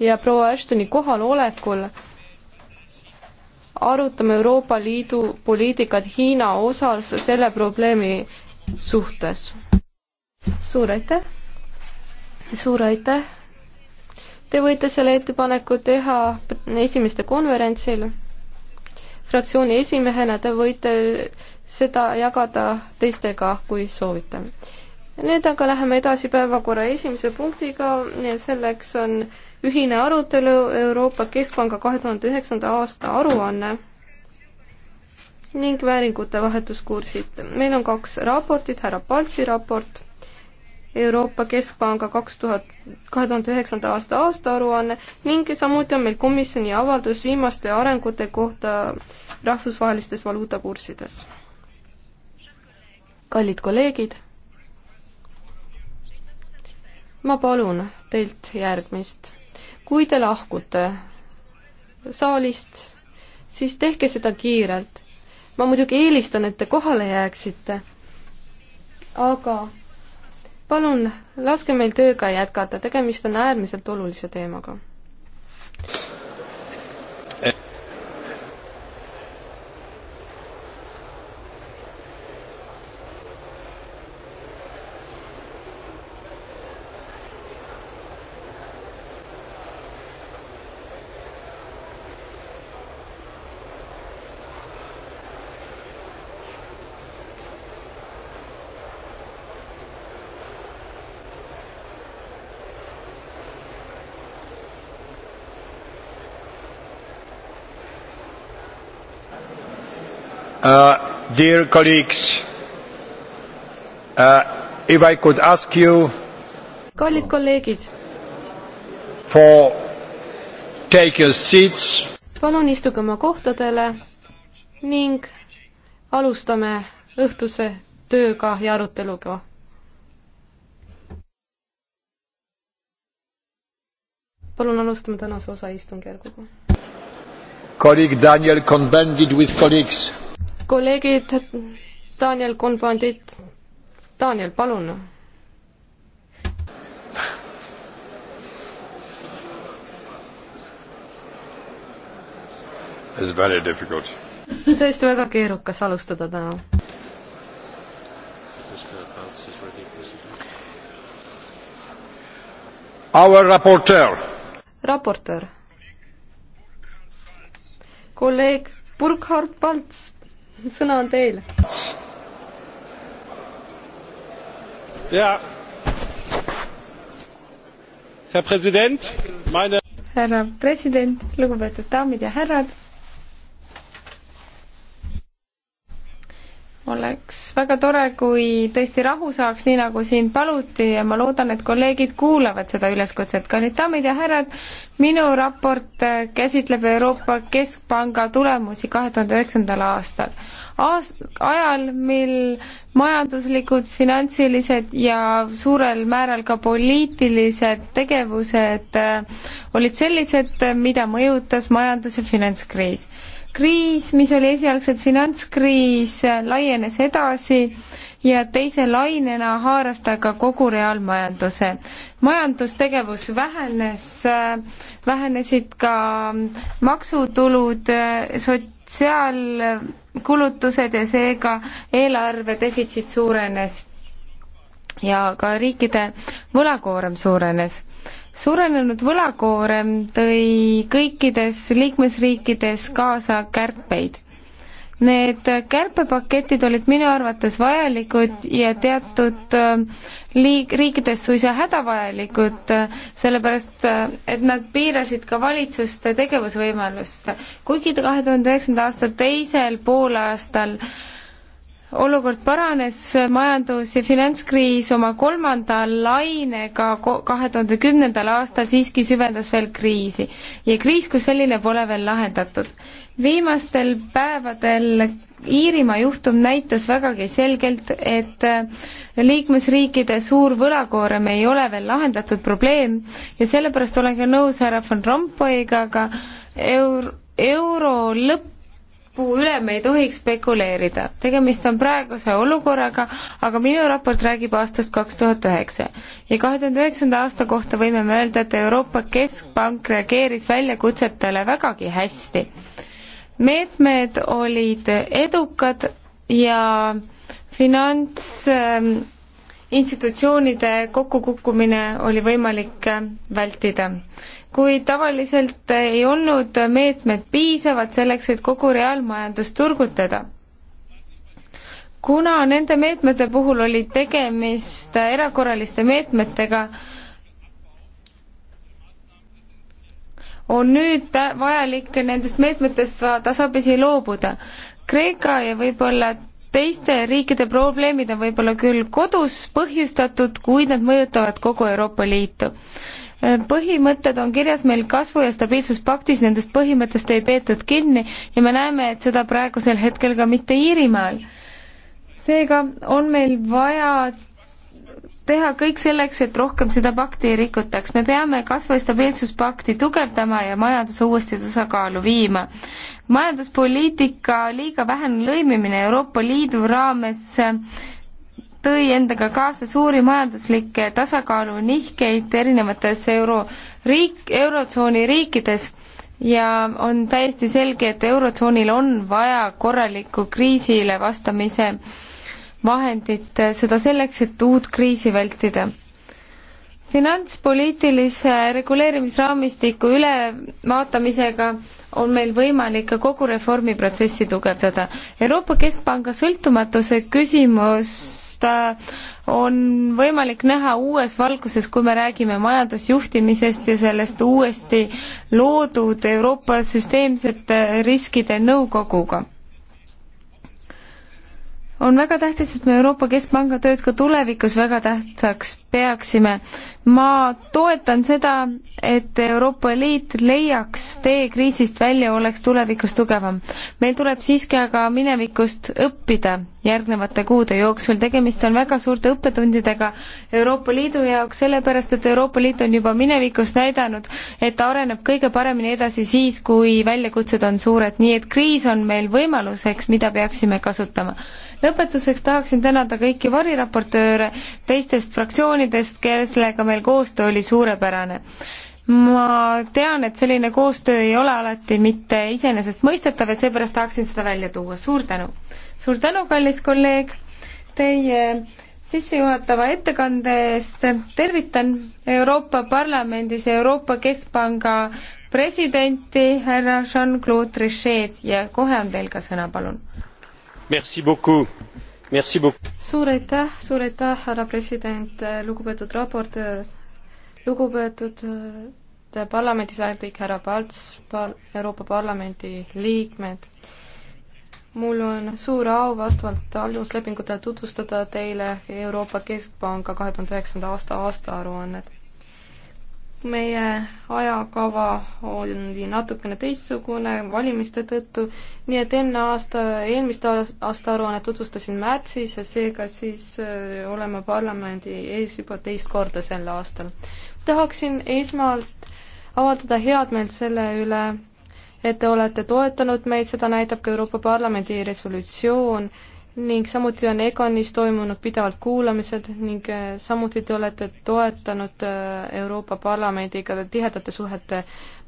ja proua Ashtoni kohalolekul arutame Euroopa Liidu poliitikat Hiina osas selle probleemi suhtes. suur aitäh, suur aitäh. Te võite selle ettepaneku teha esimeste konverentsil. fraktsiooni esimehena te võite seda jagada teistega, kui soovite nüüd aga läheme edasi päevakorra esimese punktiga, selleks on ühine arutelu Euroopa Keskpanga kahe tuhande üheksanda aasta aruanne ning vääringute vahetuskursid. meil on kaks raportit, härra Paltsi raport, Euroopa Keskpanga kaks tuhat, kahe tuhande üheksanda aasta aastaaruanne ning samuti on meil komisjoni avaldus viimaste arengute kohta rahvusvahelistes valuutakursides. kallid kolleegid ma palun teilt järgmist. kui te lahkute saalist, siis tehke seda kiirelt. ma muidugi eelistan, et te kohale jääksite, aga palun laske meil tööga jätkata, tegemist on äärmiselt olulise teemaga. Uh, dear colleagues, uh, if I could ask you kallid kolleegid, for take your seats. palun istuge oma kohtadele ning alustame õhtuse tööga ja aruteluga. palun alustame tänase osa istungjärguga. kolleeg Daniel Convendit with colleagues kolleegid, Daniel Konbandit, Daniel, palun. tõesti väga keerukas alustada täna. Our raportöör. raportöör. kolleeg Burkhard Palts, sõna on teil. härra president, lugupeetud daamid ja härrad oleks väga tore, kui tõesti rahu saaks, nii nagu siin paluti ja ma loodan, et kolleegid kuulavad seda üleskutset. kallid daamid ja härrad, minu raport äh, käsitleb Euroopa Keskpanga tulemusi kahe tuhande üheksandal aastal. Aas-, ajal, mil majanduslikud, finantsilised ja suurel määral ka poliitilised tegevused äh, olid sellised, äh, mida mõjutas majandus- ja finantskriis kriis, mis oli esialgselt finantskriis, laienes edasi ja teise lainena haaras ta ka kogu reaalmajanduse. majandustegevus vähenes, vähenesid ka maksutulud, sotsiaalkulutused ja seega eelarve defitsiit suurenes ja ka riikide võlakoorem suurenes suurenenud võlakoorem tõi kõikides liikmesriikides kaasa kärpeid. Need kärpepaketid olid minu arvates vajalikud ja teatud äh, liik-, riikides suisa hädavajalikud, äh, sellepärast äh, et nad piirasid ka valitsuste tegevusvõimalust. kuigi kahe tuhande üheksanda aasta teisel poolaastal äh, olukord paranes, majandus- ja finantskriis oma kolmanda lainega kahe tuhande kümnendal aastal siiski süvendas veel kriisi ja kriis kui selline pole veel lahendatud. viimastel päevadel Iirimaa juhtum näitas vägagi selgelt, et äh, liikmesriikide suur võlakoorem ei ole veel lahendatud probleem ja sellepärast olen ka nõus härra Van Rompuyga, aga eur-, euro lõpp lõpu üle me ei tohiks spekuleerida. tegemist on praeguse olukorraga, aga minu raport räägib aastast kaks tuhat üheksa. ja kahe tuhande üheksanda aasta kohta võime me öelda, et Euroopa Keskpank reageeris väljakutsetele vägagi hästi. meetmed olid edukad ja finants äh, institutsioonide kokkukukkumine oli võimalik vältida. kuid tavaliselt ei olnud meetmed piisavad selleks, et kogu reaalmajandust turgutada. kuna nende meetmete puhul oli tegemist erakorraliste meetmetega, on nüüd vajalik nendest meetmetest tasapisi loobuda. Kreeka ja võib-olla teiste riikide probleemid on võib-olla küll kodus põhjustatud, kuid nad mõjutavad kogu Euroopa Liitu. põhimõtted on kirjas meil kasvu- ja stabiilsuspaktis, nendest põhimõttest ei peetud kinni ja me näeme, et seda praegusel hetkel ka mitte Iirimaal. seega on meil vaja teha kõik selleks, et rohkem seda pakti ei rikutaks. me peame kasvu- ja stabiilsuspakti tugevdama ja majanduse uuesti tasakaalu viima. majanduspoliitika liiga vähene lõimimine Euroopa Liidu raames tõi endaga kaasa suuri majanduslikke tasakaalu nihkeid erinevates euro, riik, eurotsooni riikides ja on täiesti selge, et eurotsoonil on vaja korralikku kriisile vastamise äh, vahendit, eh, seda selleks, et uut kriisi vältida. finantspoliitilise reguleerimisraamistiku ülevaatamisega on meil võimalik ka kogu reformiprotsessi tugevdada. Euroopa Keskpanga sõltumatuse küsimust eh, on võimalik näha uues valguses, kui me räägime majandusjuhtimisest ja sellest uuesti loodud Euroopa süsteemsete riskide nõukoguga on väga tähtis, et me Euroopa Keskpanga tööd ka tulevikus väga tähtsaks peaksime. ma toetan seda, et Euroopa Liit leiaks tee kriisist välja, oleks tulevikus tugevam. meil tuleb siiski aga minevikust õppida järgnevate kuude jooksul, tegemist on väga suurte õppetundidega Euroopa Liidu jaoks, sellepärast et Euroopa Liit on juba minevikus näidanud, et ta areneb kõige paremini edasi siis, kui väljakutsed on suured, nii et kriis on meil võimaluseks, mida peaksime kasutama lõpetuseks tahaksin tänada kõiki variraportööre teistest fraktsioonidest, kellega meil koostöö oli suurepärane ma tean, et selline koostöö ei ole alati mitte iseenesestmõistetav ja seepärast tahaksin seda välja tuua, suur tänu! suur tänu, kallis kolleeg, teie sissejuhatava ettekande eest, tervitan Euroopa Parlamendis Euroopa Keskpanga presidenti härra Jean-Claude Trichet ja kohe on teil ka sõna, palun! suur aitäh, suur aitäh, härra president, lugupeetud raportöör, lugupeetud äh, parlamendisaadik härra Palts, Euroopa Parlamendi liikmed mul on suur au vastavalt aluslepingutele tutvustada teile Euroopa Keskpanga kahe tuhande üheksanda aasta aastaaruannet meie ajakava oli natukene teistsugune valimiste tõttu, nii et enne aasta, eelmist aasta aruannet tutvustasin märtsis ja seega siis äh, oleme parlamendi ees juba teist korda sel aastal. tahaksin esmalt avaldada headmeelt selle üle, et te olete toetanud meid, seda näitab ka Euroopa Parlamendi resolutsioon ning samuti on EGONis toimunud pidevalt kuulamised ning äh, samuti te olete toetanud äh, Euroopa Parlamendiga tihedate suhete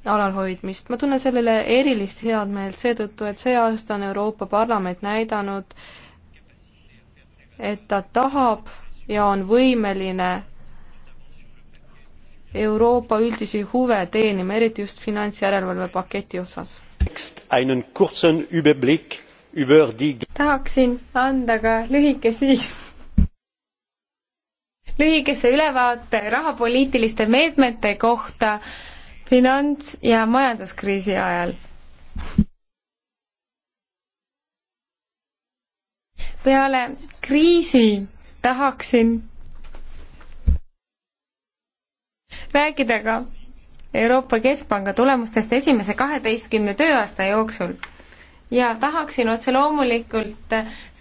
alalhoidmist. ma tunnen sellele erilist headmeelt seetõttu, et see aasta on Euroopa Parlament näidanud, et ta tahab ja on võimeline Euroopa üldisi huve teenima, eriti just finantsjärelevalve paketi osas. tekst, einen kurzen Überblick über die tahaksin anda ka lühikesi lühikese ülevaate rahapoliitiliste meetmete kohta finants- ja majanduskriisi ajal. peale kriisi tahaksin rääkida ka Euroopa Keskpanga tulemustest esimese kaheteistkümne tööaasta jooksul ja tahaksin otse loomulikult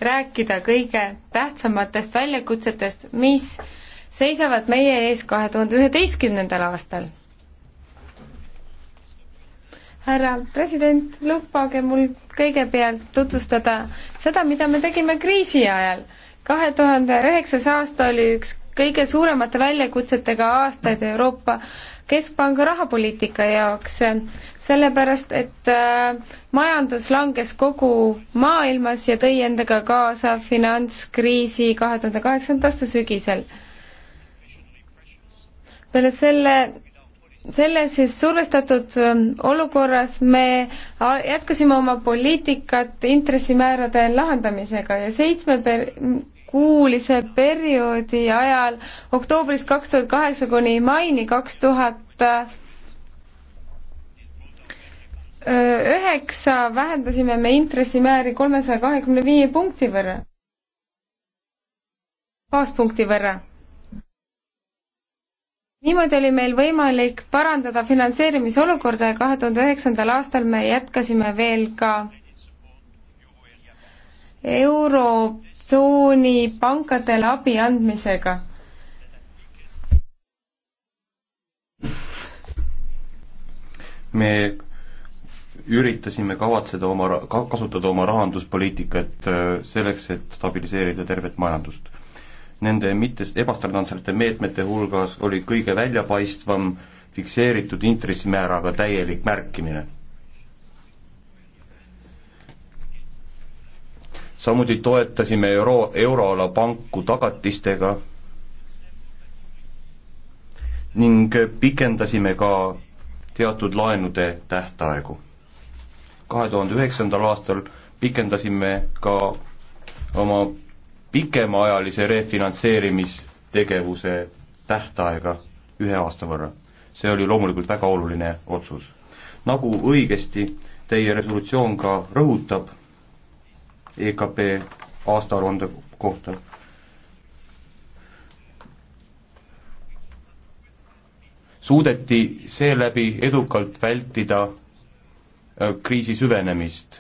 rääkida kõige tähtsamatest väljakutsetest, mis seisavad meie ees kahe tuhande üheteistkümnendal aastal. härra president, lubage mul kõigepealt tutvustada seda, mida me tegime kriisi ajal. kahe tuhande üheksas aasta oli üks kõige suuremate väljakutsetega aastaid Euroopa keskpanga rahapoliitika jaoks, sellepärast et äh, majandus langes kogu maailmas ja tõi endaga kaasa finantskriisi kahe tuhande kaheksanda aasta sügisel. peale selle selles siis survestatud ähm, olukorras me äh, jätkasime oma poliitikat intressimäärade lahendamisega ja seitsme per-, kuulise perioodi ajal oktoobrist kaks tuhat kaheksa kuni maini kaks tuhat üheksa vähendasime me intressimääri kolmesaja kahekümne viie punkti võrra, baaspunkti võrra. niimoodi oli meil võimalik parandada finantseerimisolukorda ja kahe tuhande üheksandal aastal me jätkasime veel ka euro sanktsiooni pankadele abi andmisega. me üritasime kavatseda oma, kasutada oma rahanduspoliitikat äh, selleks, et stabiliseerida tervet majandust. Nende mitte, ebastandardsete meetmete hulgas oli kõige väljapaistvam fikseeritud intressimääraga täielik märkimine samuti toetasime euro, euroala panku tagatistega ning pikendasime ka teatud laenude tähtaegu. kahe tuhande üheksandal aastal pikendasime ka oma pikemaajalise refinantseerimistegevuse tähtaega ühe aasta võrra. see oli loomulikult väga oluline otsus. nagu õigesti teie resolutsioon ka rõhutab, EKP aastaaruande kohta. suudeti seeläbi edukalt vältida äh, kriisi süvenemist.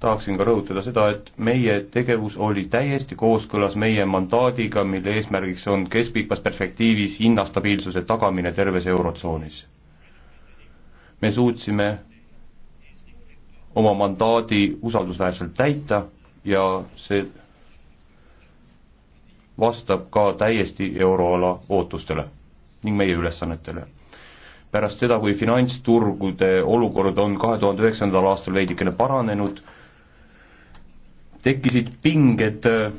tahaksin ka rõhutada seda, et meie tegevus oli täiesti kooskõlas meie mandaadiga, mille eesmärgiks on keskpikas perspektiivis hinnastabiilsuse tagamine terves Eurotsoonis me suutsime oma mandaadi usaldusväärselt täita ja see vastab ka täiesti euroala ootustele ning meie ülesannetele. pärast seda, kui finantsturgude olukord on kahe tuhande üheksandal aastal veidikene paranenud, tekkisid pinged äh,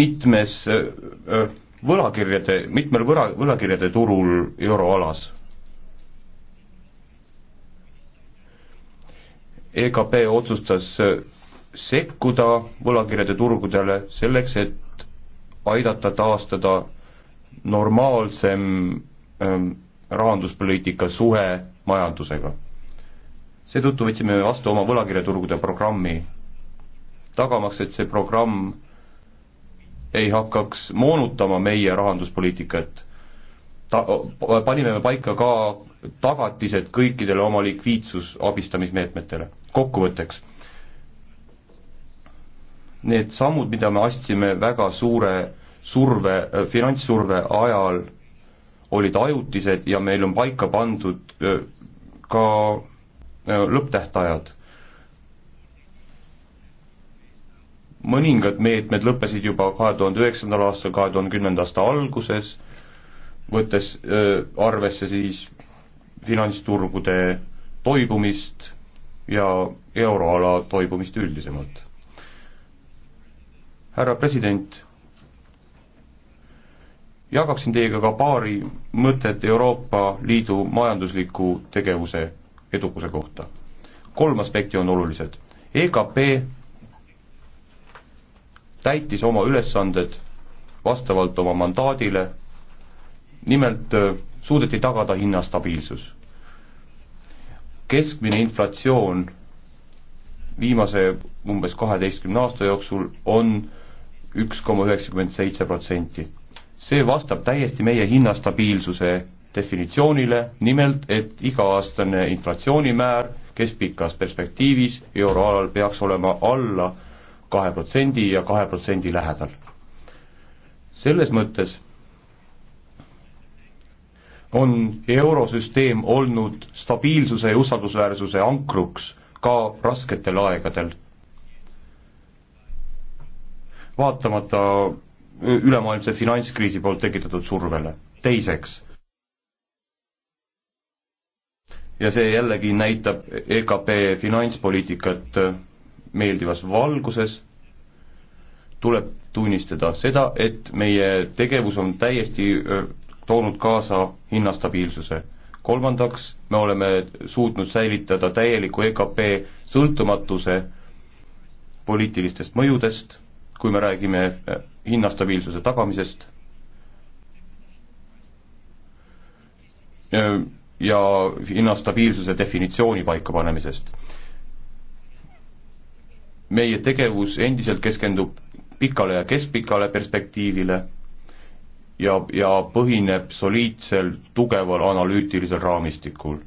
mitmes äh, äh, võlakirjade, mitmel võla, võlakirjade turul euroalas EKP otsustas äh, sekkuda võlakirjade turgudele selleks, et aidata taastada normaalsem ähm, rahanduspoliitika suhe majandusega. seetõttu võtsime vastu oma võlakirjaturgude programmi, tagamaks, et see programm ei hakkaks moonutama meie rahanduspoliitikat. ta, panime me paika ka tagatised kõikidele oma likviidsus abistamismeetmetele kokkuvõtteks. Need sammud, mida me astsime väga suure surve, äh, finantssurve ajal, olid ajutised ja meil on paika pandud äh, ka äh, lõpptähtajad. mõningad meetmed lõppesid juba kahe tuhande üheksandal aastal, kahe tuhande kümnenda aasta alguses, võttes arvesse siis finantsturgude toibumist ja euroala toibumist üldisemalt. härra president, jagaksin teiega ka paari mõtet Euroopa Liidu majandusliku tegevuse edukuse kohta. kolm aspekti on olulised. EKP täitis oma ülesanded vastavalt oma mandaadile, nimelt suudeti tagada hinnastabiilsus keskmine inflatsioon viimase umbes kaheteistkümne aasta jooksul on üks koma üheksakümmend seitse protsenti. see vastab täiesti meie hinnastabiilsuse definitsioonile, nimelt et iga-aastane inflatsioonimäär keskpikas perspektiivis euroalal peaks olema alla kahe protsendi ja kahe protsendi lähedal. selles mõttes on eurosüsteem olnud stabiilsuse ja usaldusväärsuse ankruks ka rasketel aegadel. vaatamata ülemaailmse finantskriisi poolt tekitatud survele. teiseks, ja see jällegi näitab EKP finantspoliitikat meeldivas valguses, tuleb tunnistada seda, et meie tegevus on täiesti toonud kaasa hinnastabiilsuse. kolmandaks, me oleme suutnud säilitada täieliku EKP sõltumatuse poliitilistest mõjudest, kui me räägime äh, hinnastabiilsuse tagamisest, äh, ja hinnastabiilsuse definitsiooni paikapanemisest. meie tegevus endiselt keskendub pikale ja keskpikale perspektiivile ja, ja põhineb soliidsel tugeval analüütilisel raamistikul,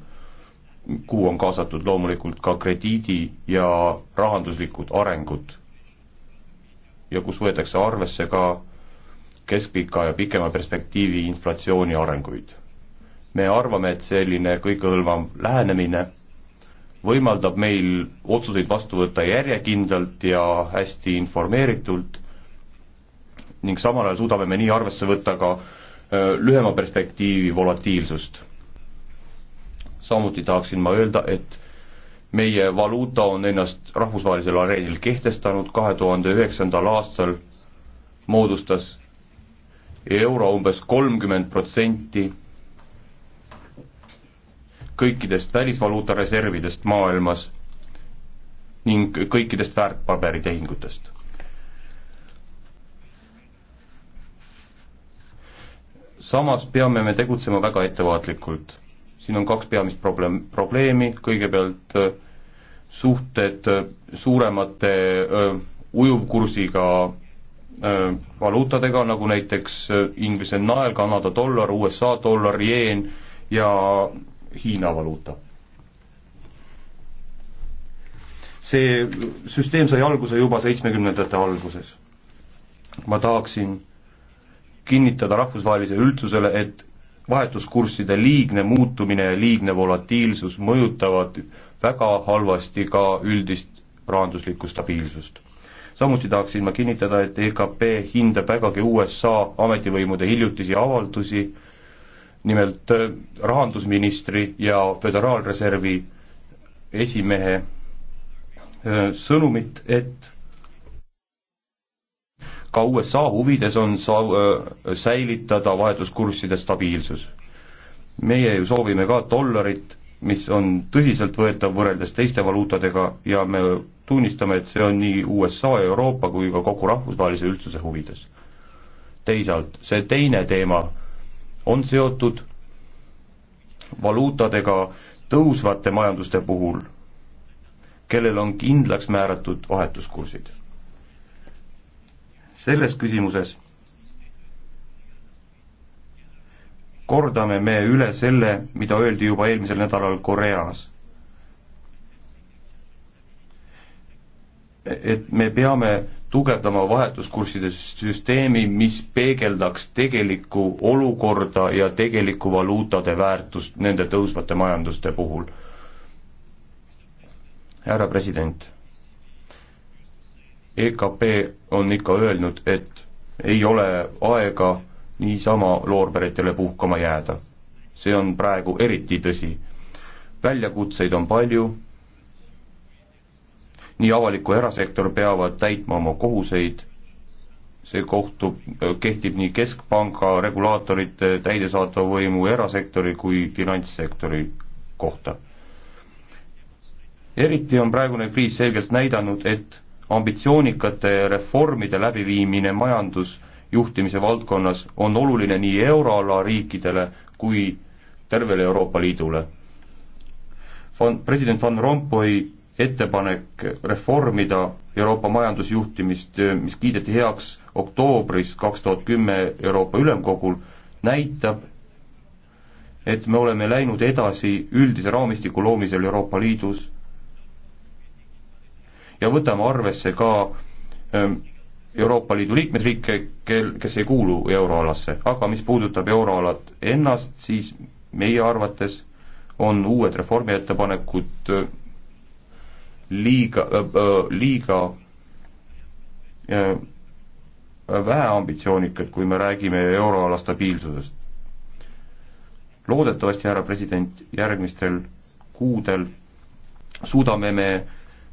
kuhu on kaasatud loomulikult ka krediidi ja rahanduslikud arengud ja kus võetakse arvesse ka keskpika ja pikema perspektiivi inflatsiooni arenguid. me arvame, et selline kõigehõlmav lähenemine võimaldab meil otsuseid vastu võtta järjekindlalt ja hästi informeeritult ning samal ajal suudame me nii arvesse võtta ka lühema perspektiivi volatiilsust. samuti tahaksin ma öelda, et meie valuuta on ennast rahvusvahelisel areenil kehtestanud, kahe tuhande üheksandal aastal moodustas euro umbes kolmkümmend protsenti kõikidest välisvaluutareservidest maailmas ning kõikidest väärtpaberitehingutest samas peame me tegutsema väga ettevaatlikult. siin on kaks peamist probleem, probleemi, kõigepealt äh, suhted äh, suuremate öö, äh, ujuvkursiga öö, valuutadega, nagu näiteks Inglise nael, Kanada dollar, USA dollar, jeen ja Hiina valuuta. see süsteem sai alguse juba seitsmekümnendate alguses. ma tahaksin kinnitada rahvusvahelisele üldsusele, et vahetuskursside liigne muutumine ja liigne volatiilsus mõjutavad väga halvasti ka üldist rahanduslikku stabiilsust. samuti tahaksin ma kinnitada, et EKP hindab vägagi USA ametivõimude hiljutisi avaldusi, nimelt äh, rahandusministri ja Föderaalreservi esimehe äh, sõnumit, et ka USA huvides on saa-, äh, säilitada vahetuskursside stabiilsus. meie ju soovime ka dollarit, mis on tõsiseltvõetav võrreldes teiste valuutadega ja me tunnistame, et see on nii USA, Euroopa kui ka kogu rahvusvahelise üldsuse huvides. teisalt, see teine teema on seotud valuutadega tõusvate majanduste puhul, kellel on kindlaks määratud vahetuskursid selles küsimuses kordame me üle selle, mida öeldi juba eelmisel nädalal Koreas. et me peame tugevdama vahetuskursside süsteemi, mis peegeldaks tegelikku olukorda ja tegelikku valuutade väärtust nende tõusvate majanduste puhul. härra president EKP on ikka öelnud, et ei ole aega niisama loorberitele puhkama jääda. see on praegu eriti tõsi. väljakutseid on palju, nii avalik kui erasektor peavad täitma oma kohuseid, see kohtub, kehtib nii keskpanga regulaatorite, täidesaatva võimu, erasektori kui finantssektori kohta. eriti on praegune kriis selgelt näidanud, et ambitsioonikate reformide läbiviimine majandusjuhtimise valdkonnas on oluline nii euroala riikidele kui tervele Euroopa Liidule. Van, president Van Rompuy ettepanek reformida Euroopa majandusjuhtimist, mis kiideti heaks oktoobris kaks tuhat kümme Euroopa Ülemkogul, näitab, et me oleme läinud edasi üldise raamistiku loomisel Euroopa Liidus ja võtame arvesse ka ähm, Euroopa Liidu liikmesriike, kel, kes ei kuulu euroalasse, aga mis puudutab euroalat ennast, siis meie arvates on uued reformiettepanekud äh, liiga, äh, äh, liiga väheambitsioonikad, kui me räägime euroala stabiilsusest. loodetavasti, härra president, järgmistel kuudel suudame me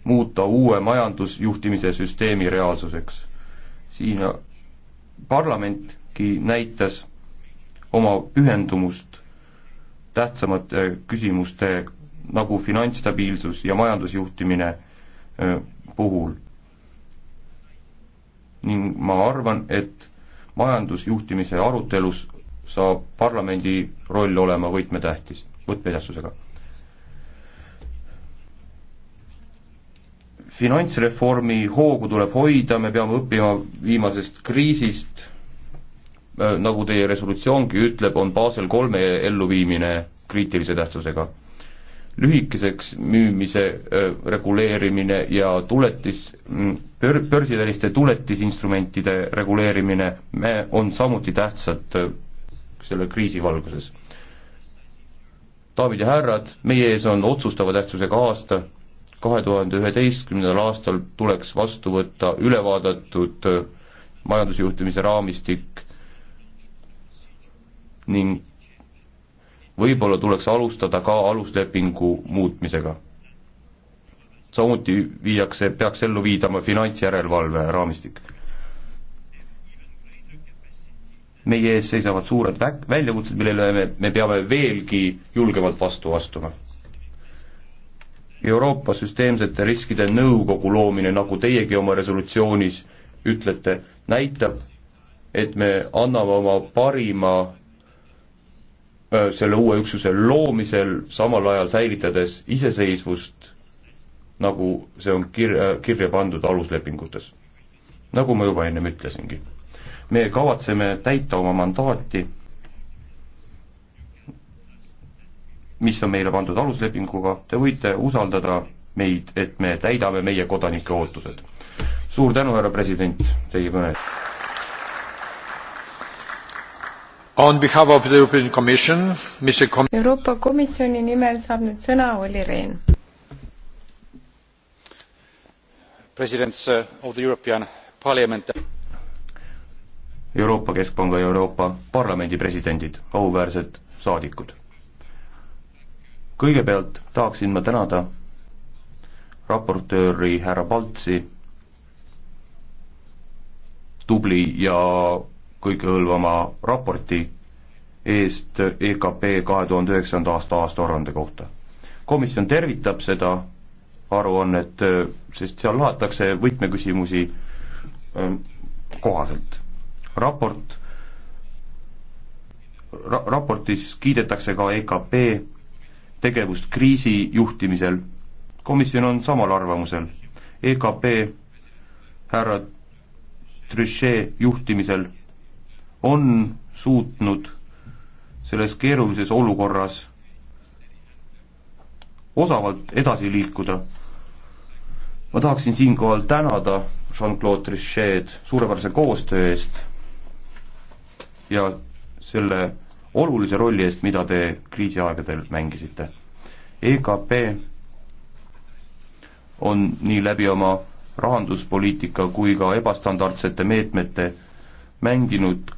muuta uue majandusjuhtimise süsteemi reaalsuseks. siin parlamentki näitas oma pühendumust tähtsamate küsimuste nagu finantsstabiilsus ja majandusjuhtimine puhul. ning ma arvan, et majandusjuhtimise arutelus saab parlamendi roll olema võtmetähtis, võtmetähtsusega finantsreformi hoogu tuleb hoida, me peame õppima viimasest kriisist, äh, nagu teie resolutsioongi ütleb, on Basel kolme elluviimine kriitilise tähtsusega. lühikeseks müümise äh, reguleerimine ja tuletis, mm, pör-, börsiväliste tuletisinstrumentide reguleerimine, me, on samuti tähtsad äh, selle kriisi valguses. daamid ja härrad, meie ees on otsustava tähtsusega aasta, kahe tuhande üheteistkümnendal aastal tuleks vastu võtta ülevaadatud äh, majandusjuhtimise raamistik ning võib-olla tuleks alustada ka aluslepingu muutmisega. samuti viiakse, peaks ellu viidama finantsjärelevalve raamistik. meie ees seisavad suured vä-, väljakutsed, millele me, me peame veelgi julgemalt vastu astuma Euroopa süsteemsete riskide nõukogu loomine, nagu teiegi oma resolutsioonis ütlete, näitab, et me anname oma parima äh, selle uue üksuse loomisel, samal ajal säilitades iseseisvust, nagu see on kir-, äh, kirja pandud aluslepingutes. nagu ma juba ennem ütlesingi. me kavatseme täita oma mandaati mis on meile pandud aluslepinguga, te võite usaldada meid, et me täidame meie kodanike ootused. suur tänu, härra president, teie kõne eest. On behalf of the European Commission, Mr Com-. Euroopa Komisjoni nimel saab nüüd sõna Olli Rehn. Presidents of the European Parliament. Euroopa Keskpanga ja Euroopa Parlamendi presidendid, auväärsed saadikud kõigepealt tahaksin ma tänada raportööri härra Paltsi tubli ja kõikehõlvama raporti eest EKP kahe tuhande üheksanda aasta aastaaruande kohta. komisjon tervitab seda aruannet, sest seal lahatakse võtmeküsimusi ähm, kohaselt. raport ra-, raportis kiidetakse ka EKP tegevust kriisi juhtimisel. komisjon on samal arvamusel. EKP härra Trichet juhtimisel on suutnud selles keerulises olukorras osavalt edasi liikuda. ma tahaksin siinkohal tänada Jean-Claude Trichet suurepärase koostöö eest ja selle olulise rolli eest, mida te kriisiaegadel mängisite. EKP on nii läbi oma rahanduspoliitika kui ka ebastandardsete meetmete mänginud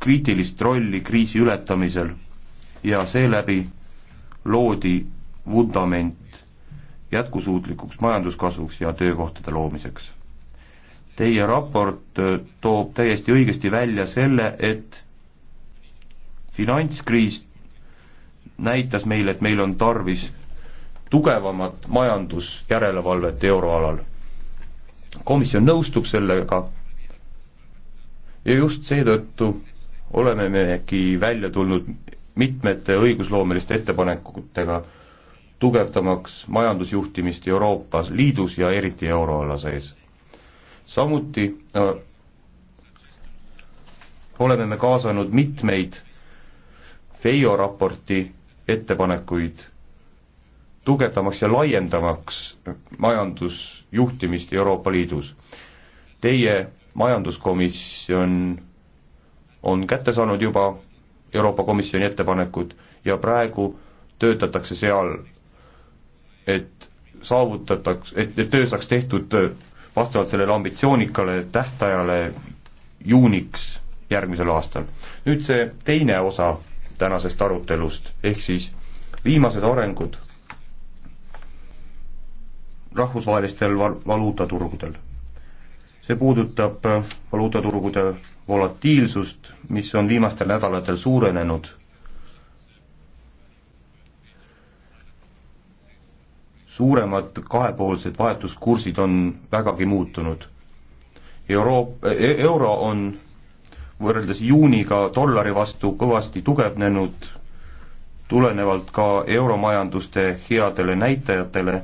kriitilist rolli kriisi ületamisel ja seeläbi loodi vundament jätkusuutlikuks majanduskasvuks ja töökohtade loomiseks. Teie raport äh, toob täiesti õigesti välja selle, et finantskriis näitas meile, et meil on tarvis tugevamat majandusjärelevalvet euroalal. komisjon nõustub sellega ja just seetõttu oleme megi välja tulnud mitmete õigusloomeliste ettepanekutega, tugevdamaks majandusjuhtimist Euroopa Liidus ja eriti euroala sees. samuti äh, oleme me kaasanud mitmeid FEIO raporti ettepanekuid tugevdamaks ja laiendamaks majandusjuhtimist Euroopa Liidus. Teie majanduskomisjon on kätte saanud juba Euroopa Komisjoni ettepanekud ja praegu töötatakse seal, et saavutataks, et, et töö saaks tehtud vastavalt sellele ambitsioonikale tähtajale juuniks järgmisel aastal. nüüd see teine osa tänasest arutelust, ehk siis viimased arengud rahvusvahelistel val-, valuutaturgudel. see puudutab äh, valuutaturgude volatiilsust, mis on viimastel nädalatel suurenenud suuremad kahepoolsed vahetuskursid on vägagi muutunud. Euroop-, e-, euro on võrreldes juuniga dollari vastu kõvasti tugevnenud, tulenevalt ka euromajanduste headele näitajatele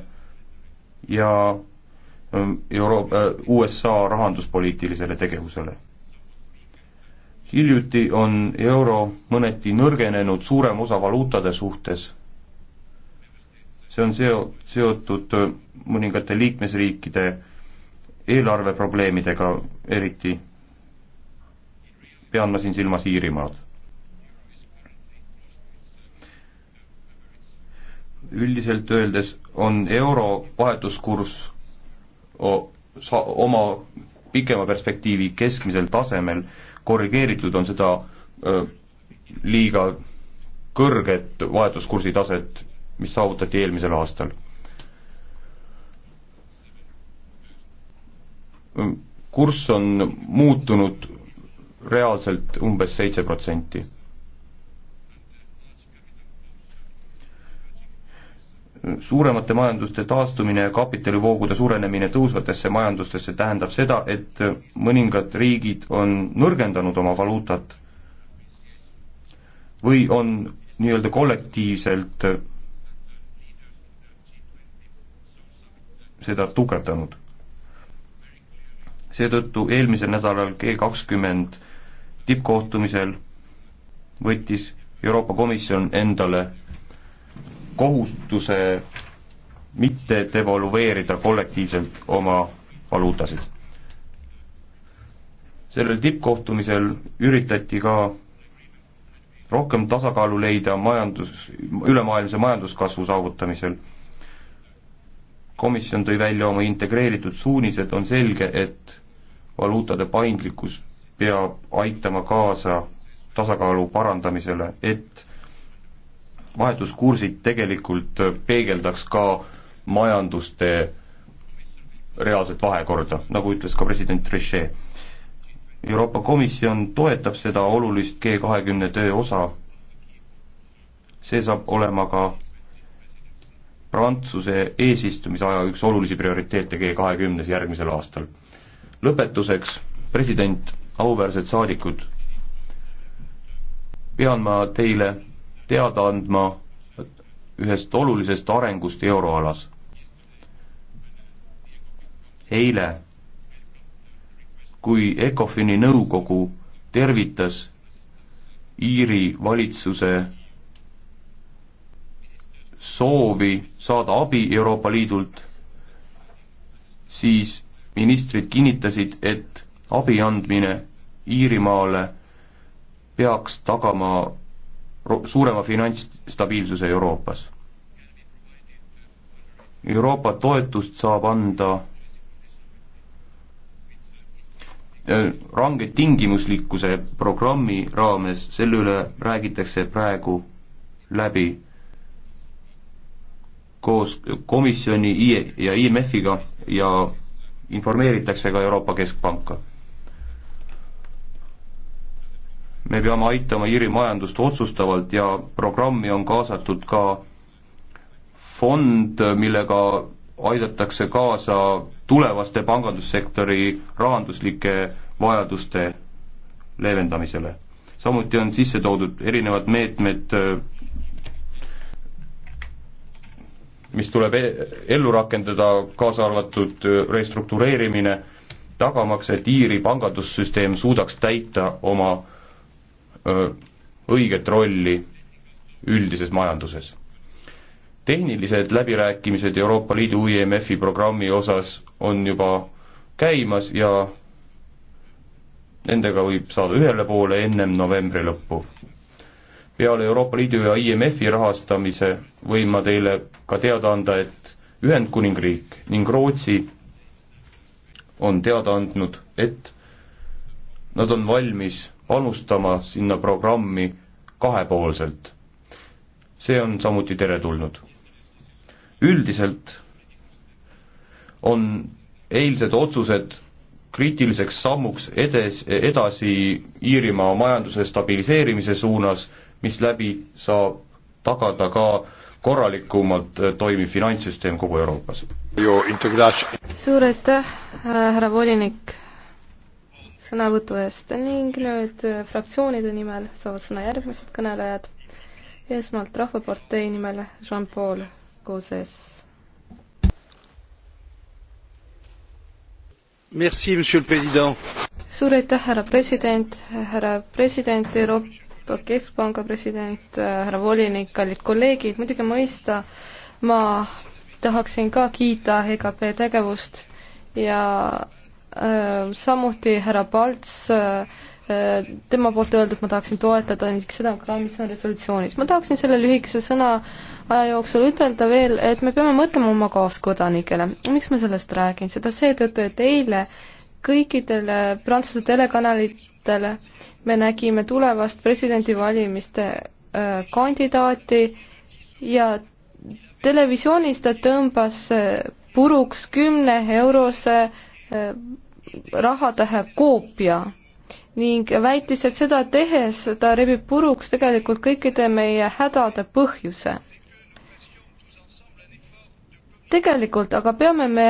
ja ähm, Euro-, äh, USA rahanduspoliitilisele tegevusele. hiljuti on euro mõneti nõrgenenud suurem osa valuutade suhtes, see on seo-, seotud äh, mõningate liikmesriikide eelarveprobleemidega, eriti pean ma siin silmas Iirimaad. üldiselt öeldes on euro vahetuskurss oma pikema perspektiivi keskmisel tasemel, korrigeeritud on seda liiga kõrget vahetuskursi taset, mis saavutati eelmisel aastal. kurss on muutunud reaalselt umbes seitse protsenti. suuremate majanduste taastumine ja kapitalivoogude suurenemine tõusvatesse majandustesse tähendab seda, et mõningad riigid on nõrgendanud oma valuutat või on nii-öelda kollektiivselt seda tugevdanud seetõttu eelmisel nädalal G kakskümmend tippkohtumisel võttis Euroopa Komisjon endale kohustuse mitte devalveerida kollektiivselt oma valuutasid. sellel tippkohtumisel üritati ka rohkem tasakaalu leida majandus, ülemaailmse majanduskasvu saavutamisel. komisjon tõi välja oma integreeritud suunised, on selge, et valuutade paindlikkus peab aitama kaasa tasakaalu parandamisele, et vahetuskursid tegelikult peegeldaks ka majanduste reaalset vahekorda, nagu ütles ka president Trichet. Euroopa Komisjon toetab seda olulist G kahekümne töö osa, see saab olema ka Prantsuse eesistumise aja üks olulisi prioriteete G kahekümnes järgmisel aastal. lõpetuseks president, auväärsed saadikud, pean ma teile teada andma ühest olulisest arengust euroalas. eile, kui ECOFIN-i nõukogu tervitas Iiri valitsuse soovi saada abi Euroopa Liidult, siis ministrid kinnitasid, et abi andmine Iirimaale peaks tagama suurema finantsstabiilsuse Euroopas. Euroopa toetust saab anda äh, range tingimuslikkuse programmi raames, selle üle räägitakse praegu läbi koos komisjoni e ja IMF-iga ja informeeritakse ka Euroopa Keskpanka me peame aitama Iiri majandust otsustavalt ja programmi on kaasatud ka fond, millega aidatakse kaasa tulevaste pangandussektori rahanduslike vajaduste leevendamisele. samuti on sisse toodud erinevad meetmed, mis tuleb e-, ellu rakendada, kaasa arvatud restruktureerimine, tagamaks, et Iiri pangandussüsteem suudaks täita oma õiget rolli üldises majanduses. tehnilised läbirääkimised Euroopa Liidu IMF-i programmi osas on juba käimas ja nendega võib saada ühele poole ennem novembri lõppu. peale Euroopa Liidu ja IMF-i rahastamise võin ma teile ka teada anda, et Ühendkuningriik ning Rootsi on teada andnud, et nad on valmis panustama sinna programmi kahepoolselt. see on samuti teretulnud. üldiselt on eilsed otsused kriitiliseks sammuks edes, edasi Iirimaa majanduse stabiliseerimise suunas, mis läbi saab tagada ka korralikumalt äh, toimiv finantssüsteem kogu Euroopas. suur aitäh, äh, härra volinik sõnavõtu eest ning nüüd fraktsioonide nimel saavad sõna järgmised kõnelejad. esmalt Rahvapartei nimel Jean-Paul Gauzes. Merci, monsieur le president. suur aitäh, härra president, härra president, Euroopa Keskpanga president, härra volinik, kallid kolleegid, muidugi mõista, ma tahaksin ka kiita EKP tegevust ja Äh, samuti härra Palts, äh, äh, tema poolt öeldud, ma tahaksin toetada näiteks seda ka, mis on resolutsioonis. ma tahaksin selle lühikese sõna aja jooksul ütelda veel, et me peame mõtlema oma kaaskodanikele. miks ma sellest räägin? seda seetõttu, et eile kõikidele Prantsuse telekanalitele me nägime tulevast presidendivalimiste kandidaati ja televisioonis ta tõmbas puruks kümne eurose rahatähe koopia ning väitis, et seda tehes ta rebib puruks tegelikult kõikide meie hädade põhjuse. tegelikult aga peame me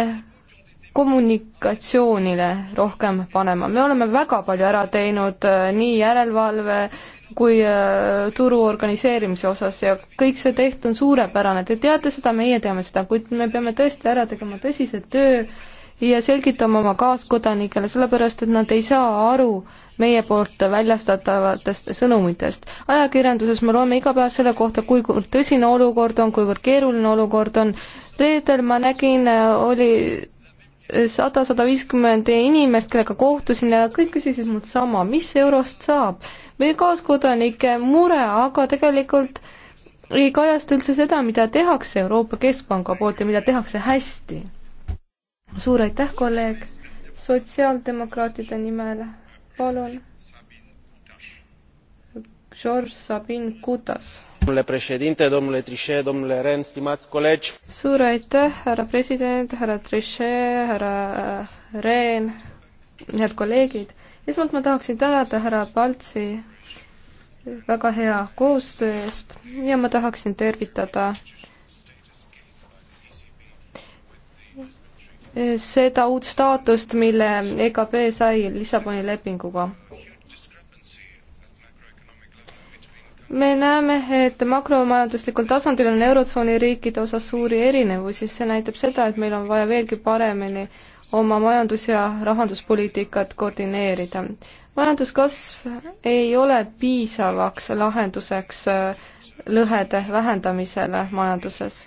kommunikatsioonile rohkem panema, me oleme väga palju ära teinud äh, nii järelevalve kui äh, turu organiseerimise osas ja kõik see tehtud on suurepärane, te teate seda, meie teame seda, kuid me peame tõesti ära tegema tõsise töö ja selgitama oma kaaskodanikele, sellepärast et nad ei saa aru meie poolt väljastatavatest sõnumitest. ajakirjanduses me loeme iga päev selle kohta, kuivõrd tõsine olukord on, kuivõrd keeruline olukord on. reedel ma nägin, oli sada, sada viiskümmend inimest, kellega kohtusin ja kõik küsisid mult sama, mis eurost saab. meie kaaskodanike mure, aga tegelikult ei kajasta üldse seda, mida tehakse Euroopa Keskpanga poolt ja mida tehakse hästi suur aitäh, kolleeg, sotsiaaldemokraatide nimel, palun. George Sabin Kutas. domnule președinte, domnule Trichet, domnule Ren, stimați colegi. suur aitäh, härra president, härra Trichet, härra äh, Ren, head kolleegid. esmalt ma tahaksin tänada härra Paltsi väga hea koostöö eest ja ma tahaksin tervitada seda uut staatust, mille EKP sai Lissaboni lepinguga. me näeme, et makromajanduslikul tasandil on Eurotsooni riikide osas suuri erinevusi, see näitab seda, et meil on vaja veelgi paremini oma majandus- ja rahanduspoliitikat koordineerida. majanduskasv ei ole piisavaks lahenduseks äh, lõhede vähendamisele majanduses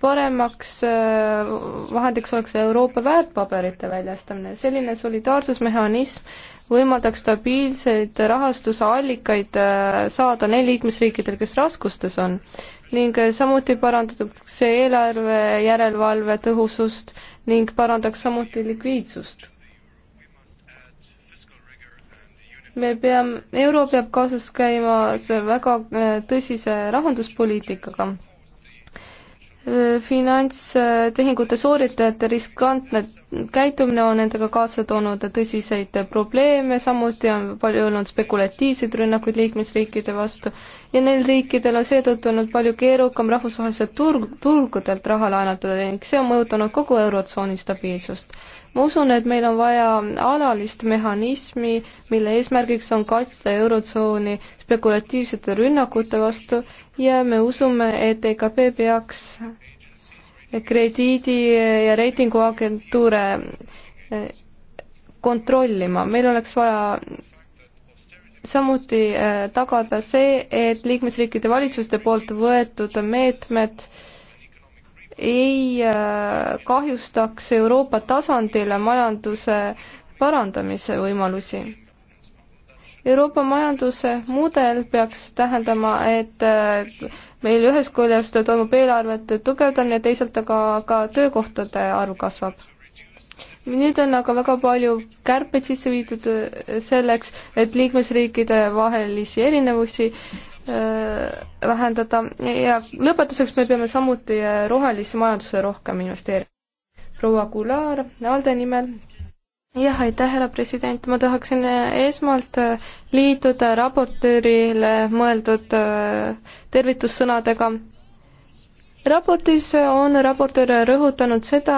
paremaks äh, vahendiks oleks Euroopa väärtpaberite väljastamine. selline solidaarsusmehhanism võimaldaks stabiilseid rahastuse allikaid äh, saada neil liikmesriikidel, kes raskustes on ning äh, samuti parandatakse eelarve järelevalve tõhusust ning parandaks samuti likviidsust. me peame, euro peab kaasas käima väga tõsise rahanduspoliitikaga finantstehingute sooritajate riskantne käitumine on endaga kaasa toonud tõsiseid probleeme, samuti on palju olnud spekulatiivseid rünnakuid liikmesriikide vastu ja neil riikidel on seetõttu olnud palju keerukam rahvusvaheliselt turg, turgudelt raha laenata ning see on mõjutanud kogu Eurotsooni stabiilsust ma usun, et meil on vaja alalist mehhanismi, mille eesmärgiks on kaitsta Eurotsooni spekulatiivsete rünnakute vastu ja me usume, et EKP peaks krediidi- ja reitinguagentuure e, kontrollima, meil oleks vaja samuti e, tagada see, et liikmesriikide valitsuste poolt võetud meetmed äh, ei äh, kahjustaks Euroopa tasandil majanduse parandamise võimalusi. Euroopa majanduse mudel peaks tähendama, et äh, meil ühest küljest toimub eelarvete tugevdamine, teisalt aga ka töökohtade arv kasvab. nüüd on aga väga palju kärpeid sisse viidud äh, selleks, et liikmesriikide vahelisi erinevusi äh, Äh, vähendada ja lõpetuseks me peame samuti äh, rohelisse majandusse rohkem investeerima. proua Kular, ALDE nimel. jah, aitäh, härra president, ma tahaksin äh, esmalt liituda raportöörile mõeldud tervitussõnadega raportis on raportöör rõhutanud seda,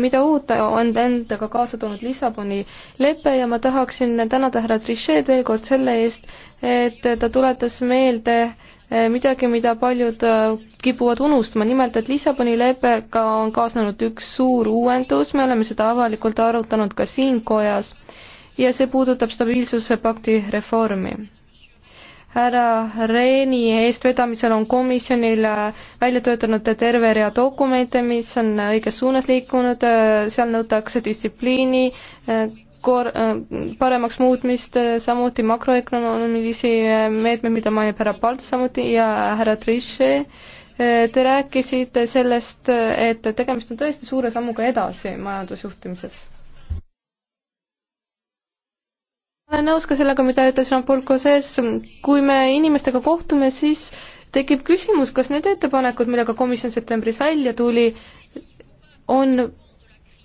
mida uut on endaga kaasa toonud Lissaboni lepe ja ma tahaksin tänada härra Trichet veel kord selle eest, et ta tuletas meelde eh, midagi, mida paljud eh, kipuvad unustama, nimelt et Lissaboni leppega on kaasnenud üks suur uuendus, me oleme seda avalikult arutanud ka siin kojas ja see puudutab stabiilsuspakti reformi härra Reeni eestvedamisel on komisjonil äh, välja töötanud terve rea dokumente, mis on õiges suunas liikunud, äh, seal nõutakse distsipliini, äh, kor-, paremaks muutmist, samuti makroökonoomilisi meetmeid, mida mainib härra Palts samuti ja härra Trichet. Te rääkisite sellest, et tegemist on tõesti suure sammuga edasi majandusjuhtimises olen nõus ka sellega, mida ütles Jean-Paul Cosses, kui me inimestega kohtume, siis tekib küsimus, kas need ettepanekud, millega komisjon septembris välja tuli, on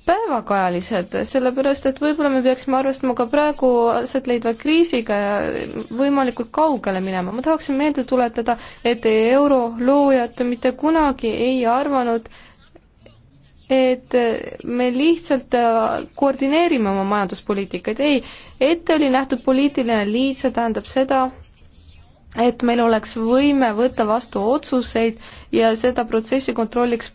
päevakajalised, sellepärast et võib-olla me peaksime arvestama ka praegu aset leidva kriisiga ja võimalikult kaugele minema. ma tahaksin meelde tuletada, et euro loojad mitte kunagi ei arvanud, et me lihtsalt äh, koordineerime oma majanduspoliitikaid, ei, ette oli nähtud poliitiline liit, see tähendab seda, et meil oleks võime võtta vastu otsuseid ja seda protsessi kontrolliks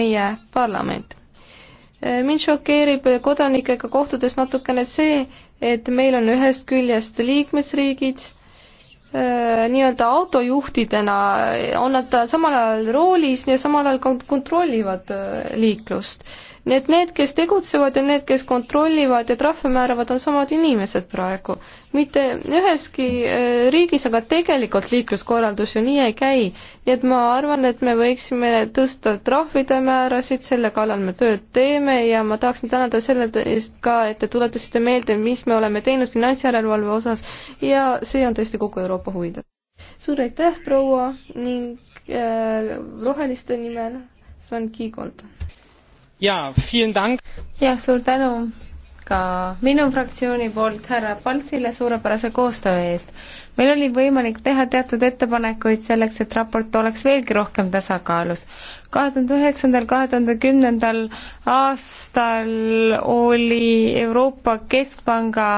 meie parlament. Äh, mind šokeerib kodanikega kohtudes natukene see, et meil on ühest küljest liikmesriigid, Äh, nii-öelda autojuhtidena, on nad samal ajal roolis ja samal ajal kontrollivad äh, liiklust. nii et need, kes tegutsevad ja need, kes kontrollivad ja trahve määravad, on samad inimesed praegu mitte üheski äh, riigis aga tegelikult liikluskorraldus ju nii ei käi. nii et ma arvan, et me võiksime tõsta trahvide määrasid, selle kallal me tööd teeme ja ma tahaksin tänada selle eest ka, et te tuletasite meelde, mis me oleme teinud finantsjärelevalve osas ja see on tõesti kogu Euroopa huvides. suur aitäh, proua ning äh, roheliste nimel Sven Kiigold. jaa, suur tänu ka minu fraktsiooni poolt härra Paltsile suurepärase koostöö eest. meil oli võimalik teha teatud ettepanekuid selleks, et raport oleks veelgi rohkem tasakaalus. kahe tuhande üheksandal, kahe tuhande kümnendal aastal oli Euroopa Keskpanga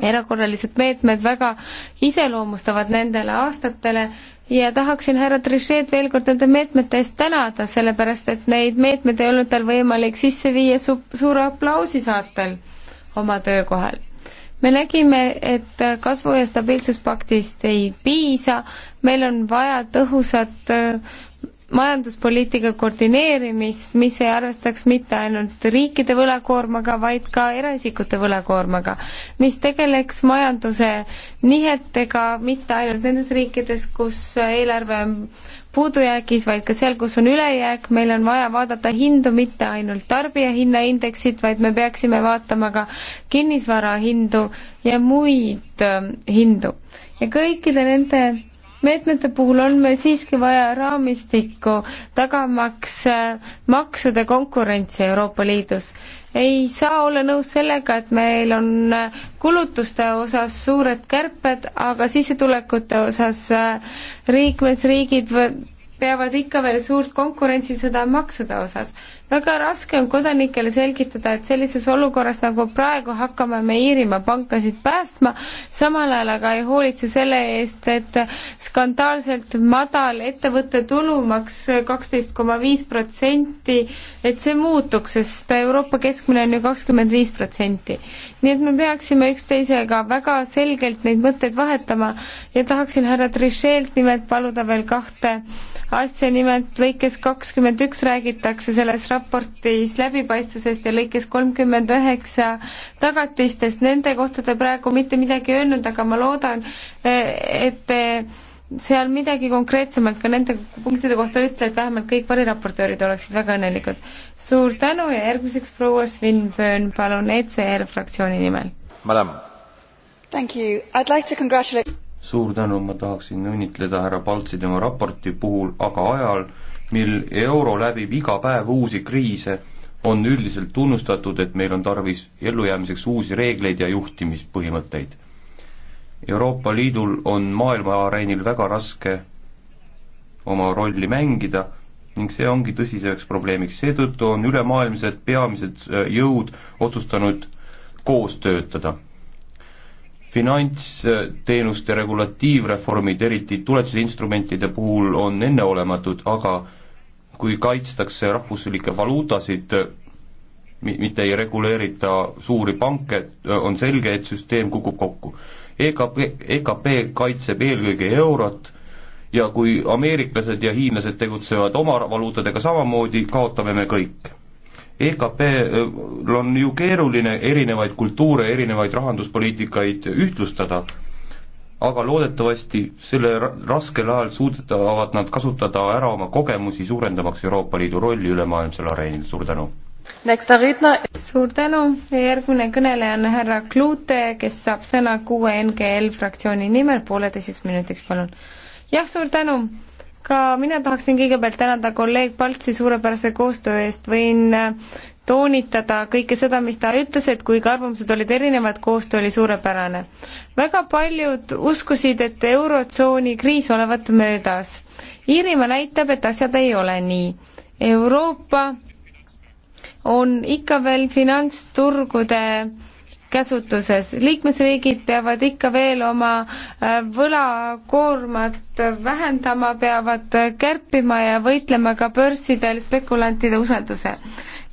erakorralised meetmed väga iseloomustavad nendele aastatele ja tahaksin härra Trichet veel kord nende meetmete eest tänada, sellepärast et neid meetmeid ei olnud tal võimalik sisse viia su-, suure aplausi saatel oma töökohal me nägime, et kasvu- ja stabiilsuspaktist ei piisa, meil on vaja tõhusat äh, majanduspoliitika koordineerimist, mis ei arvestaks mitte ainult riikide võlakoormaga, vaid ka eraisikute võlakoormaga, mis tegeleks majanduse nihetega mitte ainult nendes riikides, kus eelarve on puudujäägis, vaid ka seal, kus on ülejääk, meil on vaja vaadata hindu mitte ainult tarbijahinnaindeksit, vaid me peaksime vaatama ka kinnisvara hindu ja muid ähm, hindu. ja kõikide nende meetmete puhul on meil siiski vaja raamistikku, tagamaks äh, maksude konkurentsi Euroopa Liidus. ei saa olla nõus sellega, et meil on äh, kulutuste osas suured kärped, aga sissetulekute osas äh, liikmesriigid peavad ikka veel suurt konkurentsisõda maksude osas väga raske on kodanikele selgitada, et sellises olukorras nagu praegu hakkame me Iirimaa pankasid päästma, samal ajal aga ei hoolitse selle eest, et skandaalselt madal ettevõtte tulumaks kaksteist koma viis protsenti, et see muutuks, sest Euroopa keskmine on ju kakskümmend viis protsenti. nii et me peaksime üksteisega väga selgelt neid mõtteid vahetama ja tahaksin härra Trichet nimelt paluda veel kahte asja, nimelt lõikes kakskümmend üks räägitakse selles raportis läbipaistvusest ja lõikes kolmkümmend üheksa tagatistest, nende kohta te praegu mitte midagi öelnud, aga ma loodan, et te seal midagi konkreetsemalt ka nende punktide kohta ütle, et vähemalt kõik variraportöörid oleksid väga õnnelikud. suur tänu ja järgmiseks proua Svinböön, palun, ECR fraktsiooni nimel. Madam. Thank you, I'd like to congratulate suur tänu, ma tahaksin õnnitleda härra Paltsi tema raporti puhul, aga ajal, mil euro läbib iga päev uusi kriise, on üldiselt tunnustatud, et meil on tarvis ellujäämiseks uusi reegleid ja juhtimispõhimõtteid. Euroopa Liidul on maailma areenil väga raske oma rolli mängida ning see ongi tõsiseks probleemiks, seetõttu on ülemaailmsed peamised äh, jõud otsustanud koos töötada finantsteenuste regulatiivreformid, eriti tuletusinstrumentide puhul, on enneolematud, aga kui kaitstakse rahvuslikke valuutasid, mitte ei reguleerita suuri panke, on selge, et süsteem kukub kokku. EKP, EKP kaitseb eelkõige eurot ja kui ameeriklased ja hiinlased tegutsevad oma valuutadega samamoodi, kaotame me kõik. EKP-l on ju keeruline erinevaid kultuure, erinevaid rahanduspoliitikaid ühtlustada aga loodetavasti sellel raskel ajal suudavad nad kasutada ära oma kogemusi, suurendamaks Euroopa Liidu rolli ülemaailmsel areenil, suur tänu! suur tänu ja järgmine kõneleja on härra Klute, kes saab sõna kuue NGL fraktsiooni nimel pooleteiseks minutiks, palun. jah, suur tänu! ka mina tahaksin kõigepealt tänada kolleeg Paltsi suurepärase koostöö eest, võin äh, toonitada kõike seda, mis ta ütles, et kuigi arvamused olid erinevad, koostöö oli suurepärane. väga paljud uskusid, et Eurotsooni kriis olevat möödas. Iirimaa näitab, et asjad ei ole nii. Euroopa on ikka veel finantsturgude käsutuses, liikmesriigid peavad ikka veel oma äh, võlakoormat vähendama, peavad kärpima ja võitlema ka börsidel spekulantide usalduse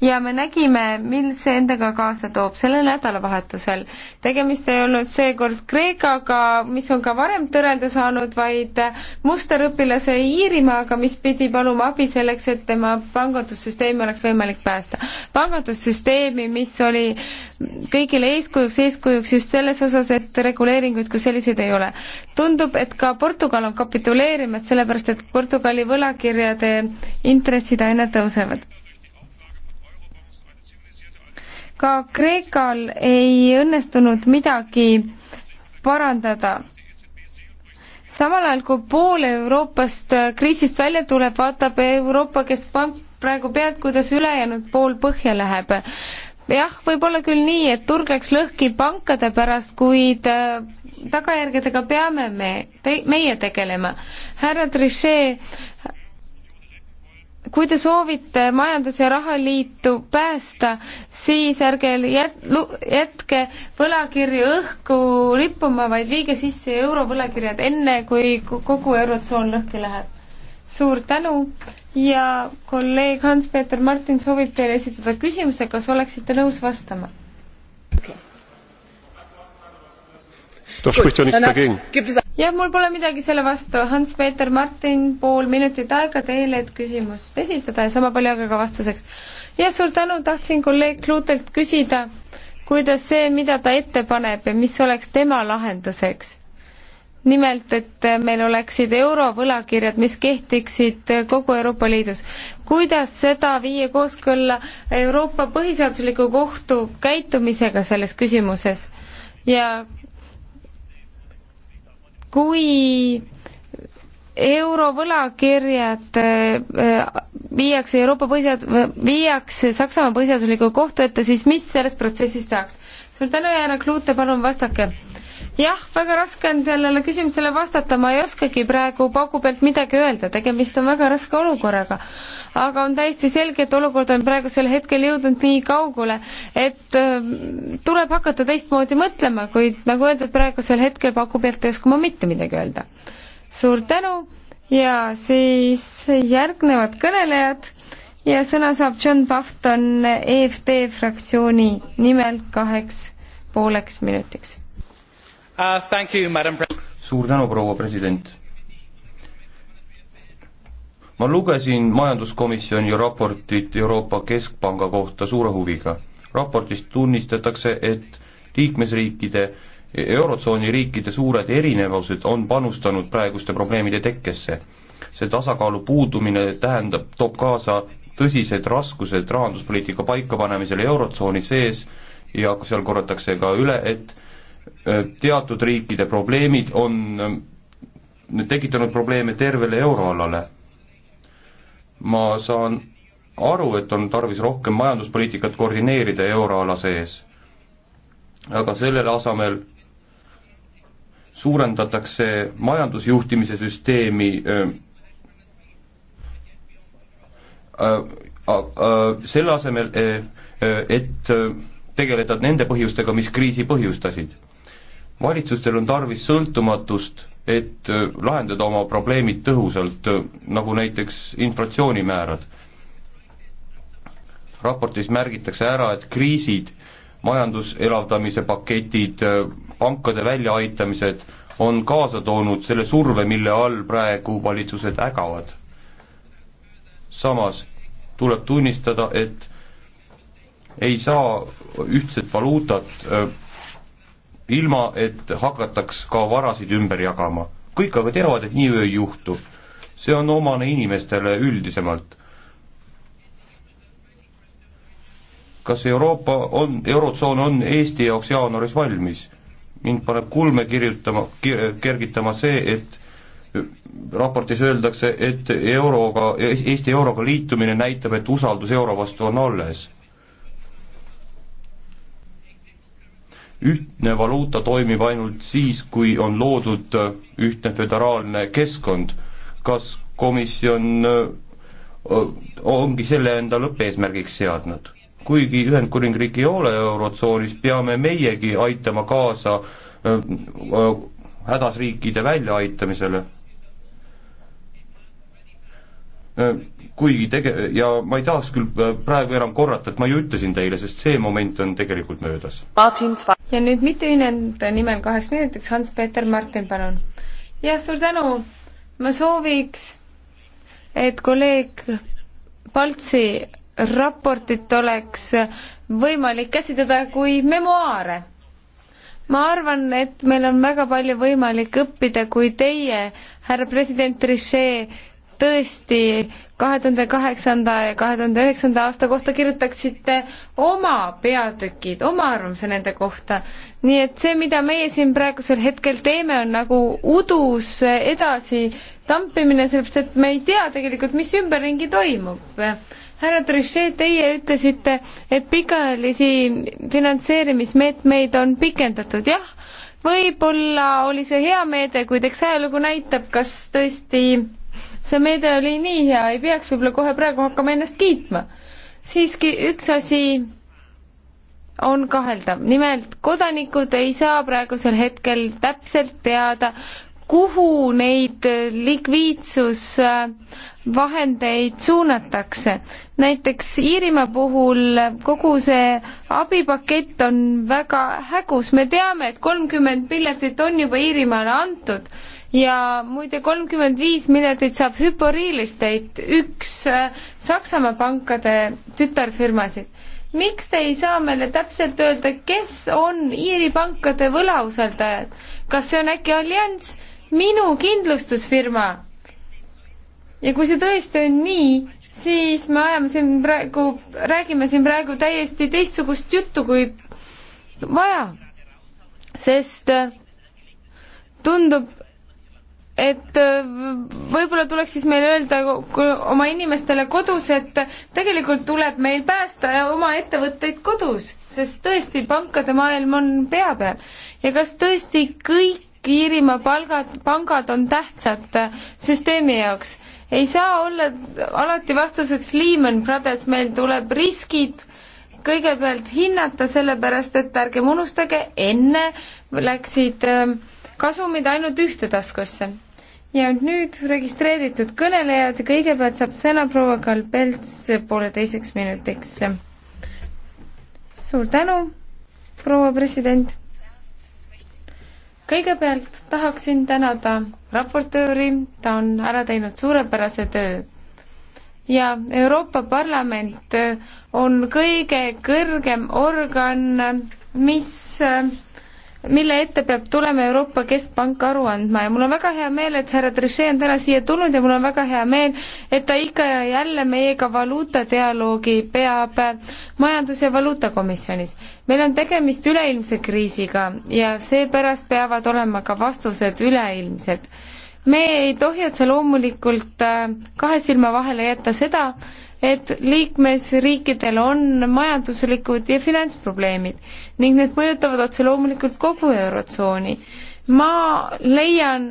ja me nägime, mil see endaga kaasa toob sellel nädalavahetusel. tegemist ei olnud seekord Kreekaga, mis on ka varem tõrelda saanud, vaid musterõpilase Iirimaaga, mis pidi paluma abi selleks, et tema pangandussüsteemi oleks võimalik päästa. pangandussüsteemi, mis oli kõigile eeskujuks, eeskujuks just selles osas, et reguleeringuid kui selliseid ei ole. tundub, et ka Portugal on kapituleerimas, sellepärast et Portugali võlakirjade intressid aina tõusevad ka Kreekal ei õnnestunud midagi parandada samal ajal kui pool Euroopast kriisist välja tuleb, vaatab Euroopa Keskpank praegu pealt, kuidas ülejäänud pool põhja läheb. jah, võib-olla küll nii, et turg läks lõhki pankade pärast, kuid äh, tagajärgedega peame me, meie tegelema. härra Trichet kui te soovite Majandus- ja Rahaliitu päästa, siis ärge jät-, jätke võlakirju õhku rippuma, vaid viige sisse eurovõlakirjad enne, kui kogu eurotsoon lõhki läheb. suur tänu ja kolleeg Hans-Peeter Martin soovib teile esitada küsimuse, kas oleksite nõus vastama okay.? jah, mul pole midagi selle vastu, Hans-Peeter Martin, pool minutit aega teile, et küsimust esitada ja sama palju aega ka vastuseks. jah, suur tänu, tahtsin kolleeg Kluutelt küsida, kuidas see, mida ta ette paneb ja mis oleks tema lahenduseks? nimelt, et meil oleksid eurovõlakirjad, mis kehtiksid kogu Euroopa Liidus. kuidas seda viia kooskõlla Euroopa Põhiseadusliku Kohtu käitumisega selles küsimuses ja kui eurovõlakirjad eh, eh, viiakse Euroopa põhisead-, viiakse Saksamaa põhiseadusliku kohtu ette, siis mis sellest protsessist saaks? suur tänu ja härra Kluute, palun vastake jah, väga raske on sellele küsimusele vastata, ma ei oskagi praegu paugu pealt midagi öelda, tegemist on väga raske olukorraga. aga on täiesti selge, et olukord on praegusel hetkel jõudnud nii kaugele, et ähm, tuleb hakata teistmoodi mõtlema, kuid nagu öeldud, praegusel hetkel paugu pealt ei oska ma mitte midagi öelda. suur tänu ja siis järgnevad kõnelejad ja sõna saab John Pafton EFD fraktsiooni nimel kaheks pooleks minutiks uh,. suur tänu, proua president. ma lugesin majanduskomisjoni raportit Euroopa Keskpanga kohta suure huviga. raportis tunnistatakse, et liikmesriikide eurotsooni riikide suured erinevused on panustanud praeguste probleemide tekkesse. see tasakaalu puudumine tähendab, toob kaasa tõsised raskused rahanduspoliitika paikapanemisel eurotsooni sees ja seal korratakse ka üle, et Äh, teatud riikide probleemid on ähm, tekitanud probleeme tervele euroalale. ma saan aru, et on tarvis rohkem majanduspoliitikat koordineerida euroala sees, aga sellele asemel suurendatakse majandusjuhtimise süsteemi öö, ähm, öö, äh, äh, selle asemel, et öö, tegeleda nende põhjustega, mis kriisi põhjustasid valitsustel on tarvis sõltumatust, et äh, lahendada oma probleemid tõhusalt, äh, nagu näiteks inflatsioonimäärad. raportis märgitakse ära, et kriisid, majanduselavdamise paketid, äh, pankade väljaaitamised on kaasa toonud selle surve, mille all praegu valitsused ägavad. samas tuleb tunnistada, et ei saa ühtset valuutat ilma et hakataks ka varasid ümber jagama. kõik aga teavad, et nii ei juhtu. see on omane inimestele üldisemalt. kas Euroopa on, Eurotsoon on Eesti jaoks jaanuaris valmis? mind paneb kulme kirjutama kir,, kergitama see, et raportis öeldakse, et euroga, Eesti euroga liitumine näitab, et usaldus euro vastu on alles ühtne valuuta toimib ainult siis, kui on loodud äh, ühtne föderaalne keskkond. kas komisjon äh, äh, ongi selle enda lõppeesmärgiks seadnud? kuigi Ühendkuningriik ei ole Eurotsoonis, peame meiegi aitama kaasa hädas riikide väljaaitamisele. kuigi tege-, ja ma ei tahaks küll praegu enam korrata, et ma ju ütlesin teile, sest see moment on tegelikult möödas. Martin Zweig ja nüüd mitteühinenute nimel kaheks minutiks Hans-Peeter Martin, palun. jah, suur tänu. ma sooviks, et kolleeg Paltsi raportit oleks võimalik käsitleda kui memuaare. ma arvan, et meil on väga palju võimalik õppida, kui teie, härra president Trichet, tõesti kahe tuhande kaheksanda ja kahe tuhande üheksanda aasta kohta kirjutaksite oma peatükid, oma arvamuse nende kohta. nii et see, mida meie siin praegusel hetkel teeme, on nagu udus edasi tampimine, sellepärast et me ei tea tegelikult, mis ümberringi toimub härra Trichet, teie ütlesite, et pikaajalisi finantseerimismeetmeid on pikendatud, jah, võib-olla oli see hea meede, kuid eks ajalugu näitab, kas tõesti see meede oli nii hea, ei peaks võib-olla kohe praegu hakkama ennast kiitma. siiski üks asi on kaheldav, nimelt kodanikud ei saa praegusel hetkel täpselt teada, kuhu neid likviidsus äh, vahendeid suunatakse. näiteks Iirimaa puhul kogu see abipakett on väga hägus, me teame, et kolmkümmend miljardit on juba Iirimaale antud ja muide, kolmkümmend viis miljardit saab Hypo Real Estate, üks äh, Saksamaa pankade tütarfirmasid. miks te ei saa meile täpselt öelda, kes on Iiri pankade võlausaldajad? kas see on äkki Allianz, minu kindlustusfirma? ja kui see tõesti on nii, siis me ajame siin praegu, räägime siin praegu täiesti teistsugust juttu kui vaja. sest äh, tundub, et äh, võib-olla tuleks siis meil öelda oma inimestele kodus, et tegelikult tuleb meil päästa oma ettevõtteid kodus, sest tõesti, pankade maailm on pea peal. ja kas tõesti kõik Iirimaa palgad, pangad on tähtsad äh, süsteemi jaoks? ei saa olla alati vastuseks Lehman Brothers, meil tuleb riskid kõigepealt hinnata, sellepärast et ärgem unustage, enne läksid ähm, kasumid ainult ühte taskusse. ja nüüd registreeritud kõnelejad, kõigepealt saab sõna proua Kalbelts pooleteiseks minutiks. suur tänu, proua president kõigepealt tahaksin tänada raportööri, ta on ära teinud suurepärase töö. ja Euroopa Parlament on kõige kõrgem organ, mis mille ette peab tulema Euroopa Keskpank aru andma ja mul on väga hea meel, et härra Trichet on täna siia tulnud ja mul on väga hea meel, et ta ikka ja jälle meiega valuutadialoogi peab Majandus- ja Valuutakomisjonis. meil on tegemist üleilmse kriisiga ja seepärast peavad olema ka vastused üleilmsed. me ei tohi otse loomulikult äh, kahe silma vahele jätta seda, et liikmesriikidel on majanduslikud ja finantsprobleemid ning need mõjutavad otse loomulikult kogu Eurotsooni. ma leian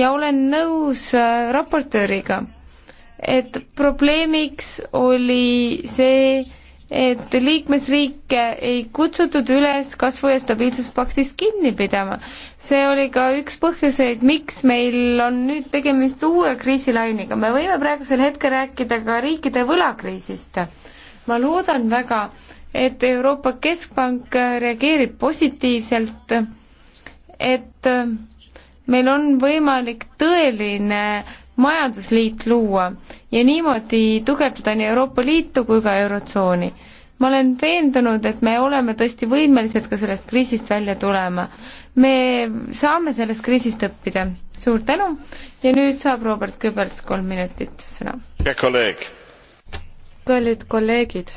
ja olen nõus äh, raportööriga, et probleemiks oli see, et liikmesriike ei kutsutud üles kasvu- ja stabiilsuspaktist kinni pidama. see oli ka üks põhjuseid, miks meil on nüüd tegemist uue kriisilainega. me võime praegusel hetkel rääkida ka riikide võlakriisist. ma loodan väga, et Euroopa Keskpank reageerib positiivselt, et meil on võimalik tõeline majandusliit luua ja niimoodi tugevdada nii Euroopa Liitu kui ka Eurotsooni. ma olen veendunud, et me oleme tõesti võimelised ka sellest kriisist välja tulema. me saame sellest kriisist õppida. suur tänu ja nüüd saab Robert Küberts kolm minutit sõna. hea kolleeg. kallid kolleegid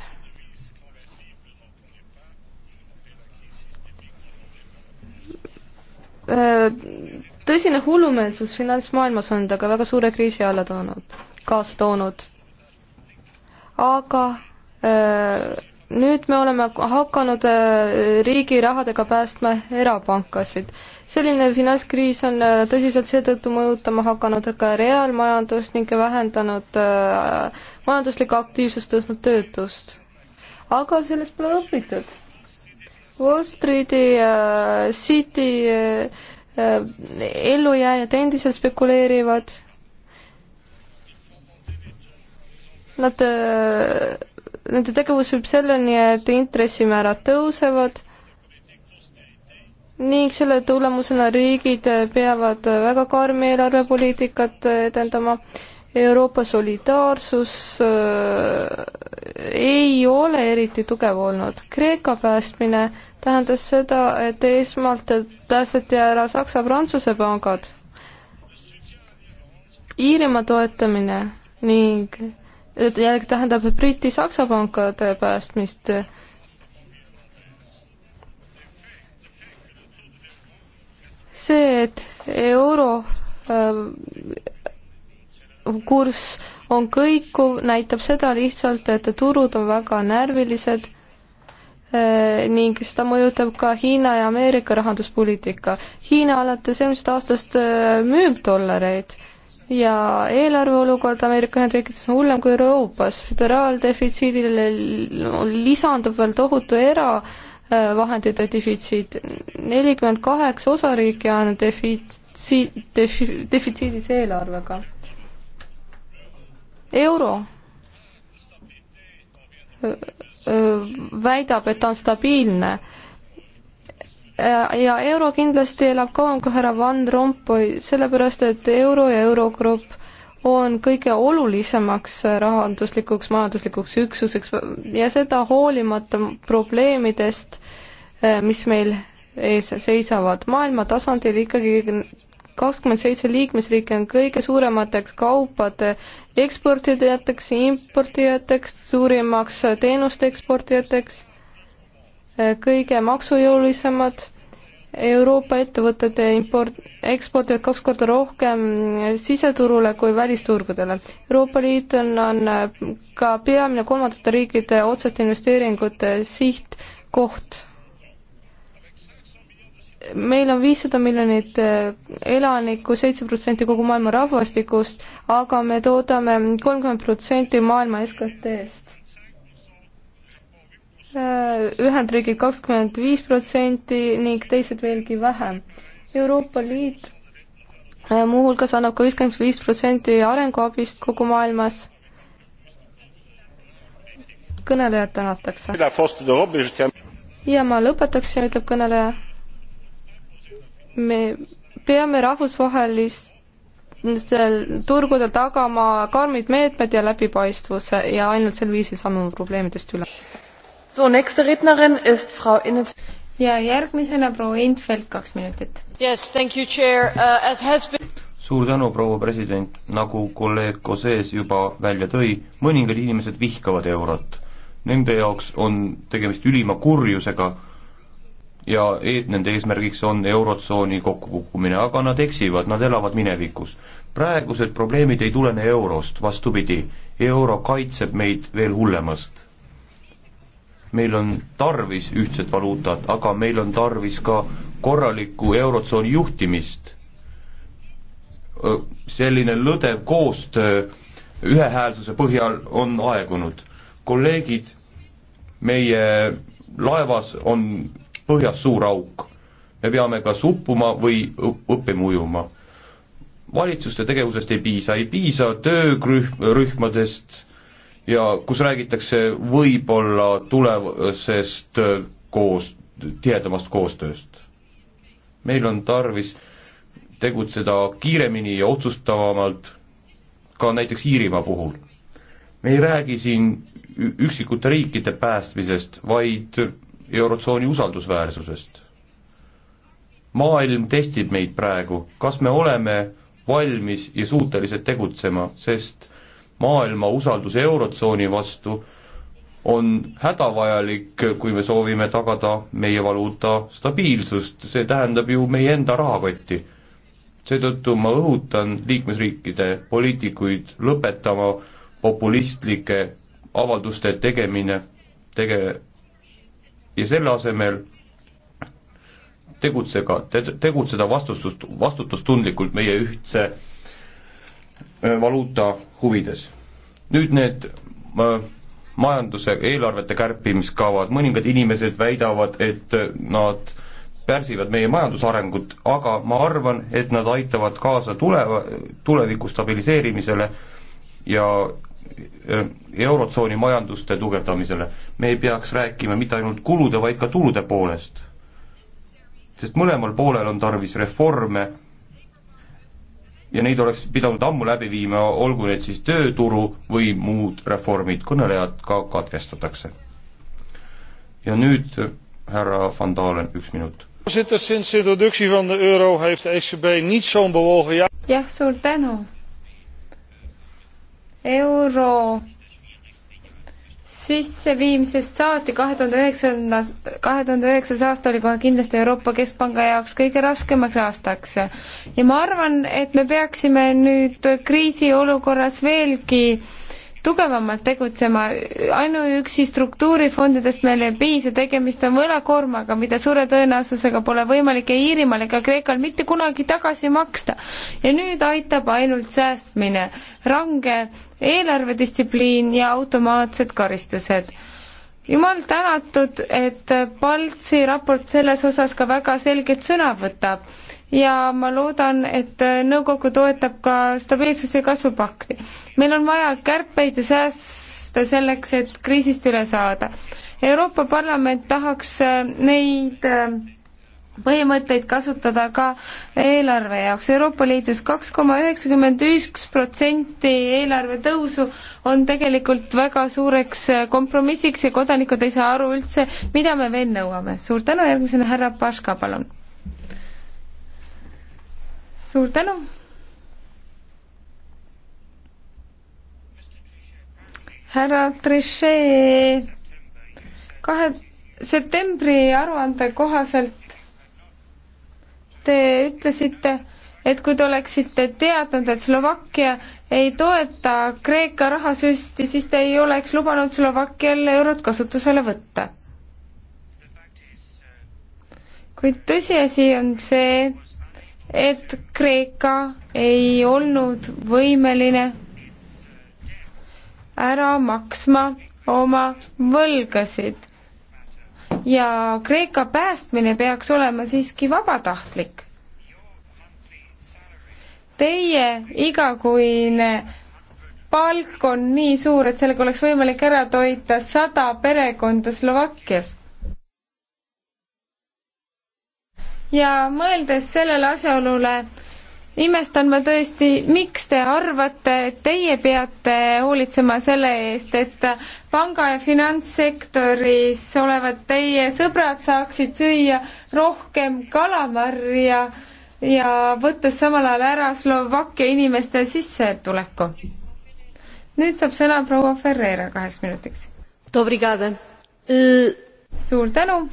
äh, tõsine hullumeelsus finantsmaailmas on ta ka väga suure kriisi alla toonud, kaasa toonud. aga äh, nüüd me oleme hakanud äh, riigi rahadega päästma erapankasid. selline finantskriis on äh, tõsiselt seetõttu mõjutama hakanud ka reaalmajandust ning vähendanud äh, majanduslikku aktiivsust, tõstnud töötust. aga sellest pole õpitud. Wall Streeti äh, City äh, ellujääjad endiselt spekuleerivad. Nad, äh, nende tegevus viib selleni, et intressimäärad tõusevad ning selle tulemusena riigid peavad väga karmi eelarvepoliitikat edendama. Euroopa solidaarsus äh, ei ole eriti tugev olnud. Kreeka päästmine tähendas seda, et esmalt päästeti ära Saksa-Prantsuse pangad. Iirimaa toetamine ning jällegi tähendab Briti-Saksa pankade päästmist. see, et euro äh, kurss on kõikuv, näitab seda lihtsalt, et turud on väga närvilised Äh, ning seda mõjutab ka Hiina ja Ameerika rahanduspoliitika. Hiina alates eelmisest aastast äh, müüb dollareid ja eelarve olukord Ameerika Ühendriikides on hullem kui Euroopas, föderaaldefitsiidile lisandub veel tohutu eravahendite defitsiit, nelikümmend kaheksa osariiki on defitsiit, defi-, defitsiidis eelarvega. euro väidab, et ta on stabiilne. ja euro kindlasti elab kauem kui härra Van Rompuy, sellepärast et euro ja eurogrupp on kõige olulisemaks rahanduslikuks majanduslikuks üksuseks ja seda hoolimata probleemidest, mis meil ees seisavad. maailma tasandil ikkagi kakskümmend seitse liikmesriiki on kõige suuremateks kaupade eksportijateks, importijateks, suurimaks teenuste eksportijateks, eh, kõige maksujõulisemad Euroopa ettevõtete import, ekspordivad kaks korda rohkem eh, siseturule kui välisturgudele. Euroopa Liit on, on eh, ka peamine kolmandate riikide otseste investeeringute sihtkoht meil on viissada miljonit äh, elanikku, seitse protsenti kogu maailma rahvastikust, aga me toodame kolmkümmend protsenti maailma SKT-st. Äh, Ühendriigid kakskümmend viis protsenti ning teised veelgi vähem. Euroopa Liit äh, muuhulgas annab ka viiskümmend viis protsenti arenguabist kogu maailmas. kõnelejad tänatakse. ja ma lõpetaksin, ütleb kõneleja me peame rahvusvahelistel turgudel tagama karmid meetmed ja läbipaistvuse ja ainult sel viisil saame oma probleemidest üle. ja järgmisena proua Infeld, kaks minutit yes,. Uh, been... suur tänu, proua president, nagu kolleeg Koses juba välja tõi, mõningad inimesed vihkavad eurot. Nende jaoks on tegemist ülima kurjusega ja e nende eesmärgiks on Eurotsooni kokkukukkumine, aga nad eksivad, nad elavad minevikus. praegused probleemid ei tulene Eurost, vastupidi, Euro kaitseb meid veel hullemast. meil on tarvis ühtset valuutat, aga meil on tarvis ka korralikku Eurotsooni juhtimist. selline lõdev koostöö ühehäälsuse põhjal on aegunud. kolleegid, meie laevas on põhjas suur auk. me peame kas uppuma või õppima ujuma. valitsuste tegevusest ei piisa, ei piisa töörühm, rühmadest ja kus räägitakse võib-olla tulevasest äh, koos, tihedamast koostööst. meil on tarvis tegutseda kiiremini ja otsustavamalt, ka näiteks Iirimaa puhul. me ei räägi siin üksikute riikide päästmisest, vaid Eurotsooni usaldusväärsusest. maailm testib meid praegu, kas me oleme valmis ja suutelised tegutsema, sest maailma usaldus Eurotsooni vastu on hädavajalik, kui me soovime tagada meie valuuta stabiilsust, see tähendab ju meie enda rahakotti. seetõttu ma õhutan liikmesriikide poliitikuid lõpetama populistlike avalduste tegemine, tege-, ja selle asemel tegutsega te,, tegutseda vastutust, vastutustundlikult meie ühtse äh, valuuta huvides. nüüd need äh, majanduse, eelarvete kärpimiskavad, mõningad inimesed väidavad, et äh, nad pärsivad meie majandusarengut, aga ma arvan, et nad aitavad kaasa tuleva, tuleviku stabiliseerimisele ja Äh, eurotsooni majanduste tugevdamisele. me ei peaks rääkima mitte ainult kulude, vaid ka tulude poolest. sest mõlemal poolel on tarvis reforme ja neid oleks pidanud ammu läbi viima, olgu need siis tööturu või muud reformid, kõnelejad ka katkestatakse. ja nüüd härra Van Dalen, üks minut. jah, suur tänu euro sisseviimisest saati kahe tuhande üheksandas, kahe tuhande üheksas aasta oli kohe kindlasti Euroopa Keskpanga jaoks kõige raskemaks aastaks. ja ma arvan, et me peaksime nüüd kriisiolukorras veelgi tugevamalt tegutsema, ainuüksi struktuurifondidest meil ei piisa, tegemist on võlakoormaga, mida suure tõenäosusega pole võimalik ei Iirimaal ega Kreekal mitte kunagi tagasi maksta. ja nüüd aitab ainult säästmine, range eelarvedistsipliin ja automaatsed karistused jumal tänatud, et Paltsi raport selles osas ka väga selgelt sõna võtab ja ma loodan, et nõukogu toetab ka stabiilsuse kasvupakti. meil on vaja kärpeid ja sääste selleks, et kriisist üle saada. Euroopa Parlament tahaks neid äh, põhimõtteid kasutada ka eelarve jaoks. Euroopa Liidus kaks koma üheksakümmend üks protsenti eelarve tõusu on tegelikult väga suureks kompromissiks ja kodanikud ei saa aru üldse, mida me veel nõuame. suur tänu, järgmisena härra Paška, palun. suur tänu. härra Trichet, kahe septembri aruande kohaselt Te ütlesite, et kui te oleksite teadnud, et Slovakkia ei toeta Kreeka rahasüsti, siis te ei oleks lubanud Slovakkial eurot kasutusele võtta. kuid tõsiasi on see, et Kreeka ei olnud võimeline ära maksma oma võlgasid ja Kreeka päästmine peaks olema siiski vabatahtlik. Teie igakuine palk on nii suur, et sellega oleks võimalik ära toita sada perekonda Slovakkias. ja mõeldes sellele asjaolule, imestan ma tõesti, miks te arvate, et teie peate hoolitsema selle eest, et panga- ja finantssektoris olevad teie sõbrad saaksid süüa rohkem kalamarja ja võttes samal ajal ära Slovakkia inimeste sissetuleku. nüüd saab sõna proua Ferreira kaheks minutiks. suur tänu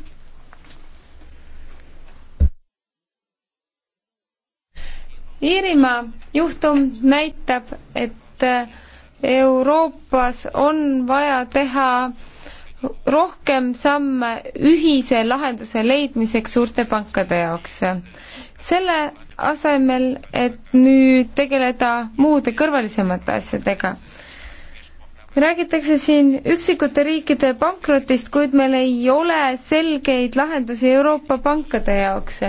Iirimaa juhtum näitab, et äh, Euroopas on vaja teha rohkem samme ühise lahenduse leidmiseks suurte pankade jaoks. selle asemel, et nüüd tegeleda muude kõrvalisemate asjadega. räägitakse siin üksikute riikide pankrotist, kuid meil ei ole selgeid lahendusi Euroopa pankade jaoks.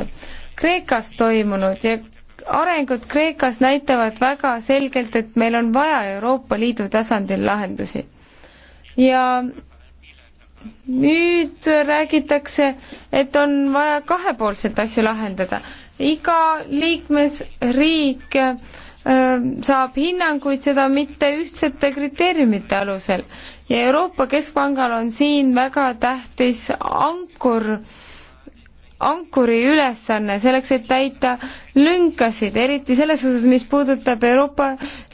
Kreekas toimunud ja arengud Kreekas näitavad väga selgelt, et meil on vaja Euroopa Liidu tasandil lahendusi. ja nüüd räägitakse, et on vaja kahepoolselt asju lahendada. iga liikmesriik äh, saab hinnanguid, seda mitte ühtsete kriteeriumite alusel. ja Euroopa Keskpangal on siin väga tähtis ankur äh, ankuri ülesanne selleks, et täita lünkasid, eriti selles osas, mis puudutab Euroopa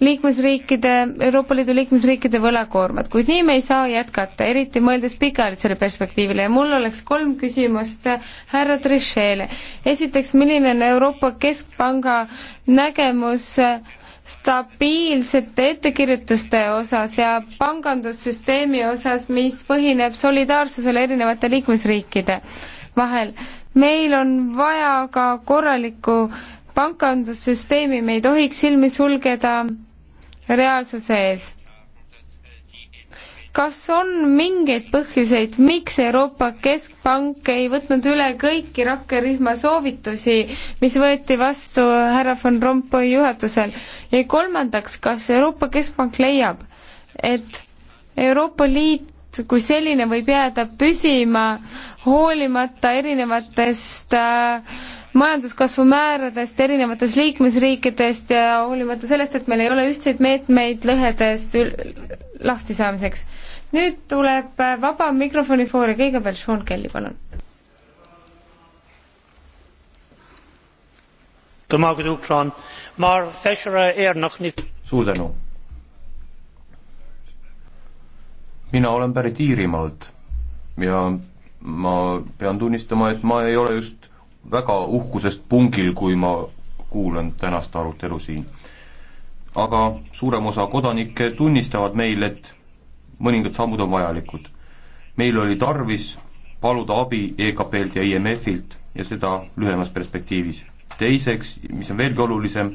liikmesriikide, Euroopa Liidu liikmesriikide võlakoormat, kuid nii me ei saa jätkata, eriti mõeldes pikaajalisele perspektiivile ja mul oleks kolm küsimust härra Trichele. esiteks, milline on Euroopa Keskpanga nägemus stabiilsete ettekirjutuste osas ja pangandussüsteemi osas, mis põhineb solidaarsusele erinevate liikmesriikide vahel. meil on vaja ka korralikku pangandussüsteemi, me ei tohiks silmi sulgeda reaalsuse ees. kas on mingeid põhjuseid, miks Euroopa Keskpank ei võtnud üle kõiki rakkerühma soovitusi, mis võeti vastu härra von Rompuy juhatusel? ja kolmandaks, kas Euroopa Keskpank leiab, et Euroopa Liit kui selline võib jääda püsima hoolimata erinevatest äh, majanduskasvu määradest erinevates liikmesriikidest ja hoolimata sellest, et meil ei ole ühtseid meetmeid lõhedest lahti saamiseks. nüüd tuleb äh, vaba mikrofoni foor ja kõigepealt Sean Kelly, palun. suur tänu mina olen pärit Iirimaalt ja ma pean tunnistama, et ma ei ole just väga uhkusest pungil, kui ma kuulan tänast arutelu siin. aga suurem osa kodanikke tunnistavad meil, et mõningad sammud on vajalikud. meil oli tarvis paluda abi EKP-lt ja IMF-ilt ja seda lühemas perspektiivis. teiseks, mis on veelgi olulisem,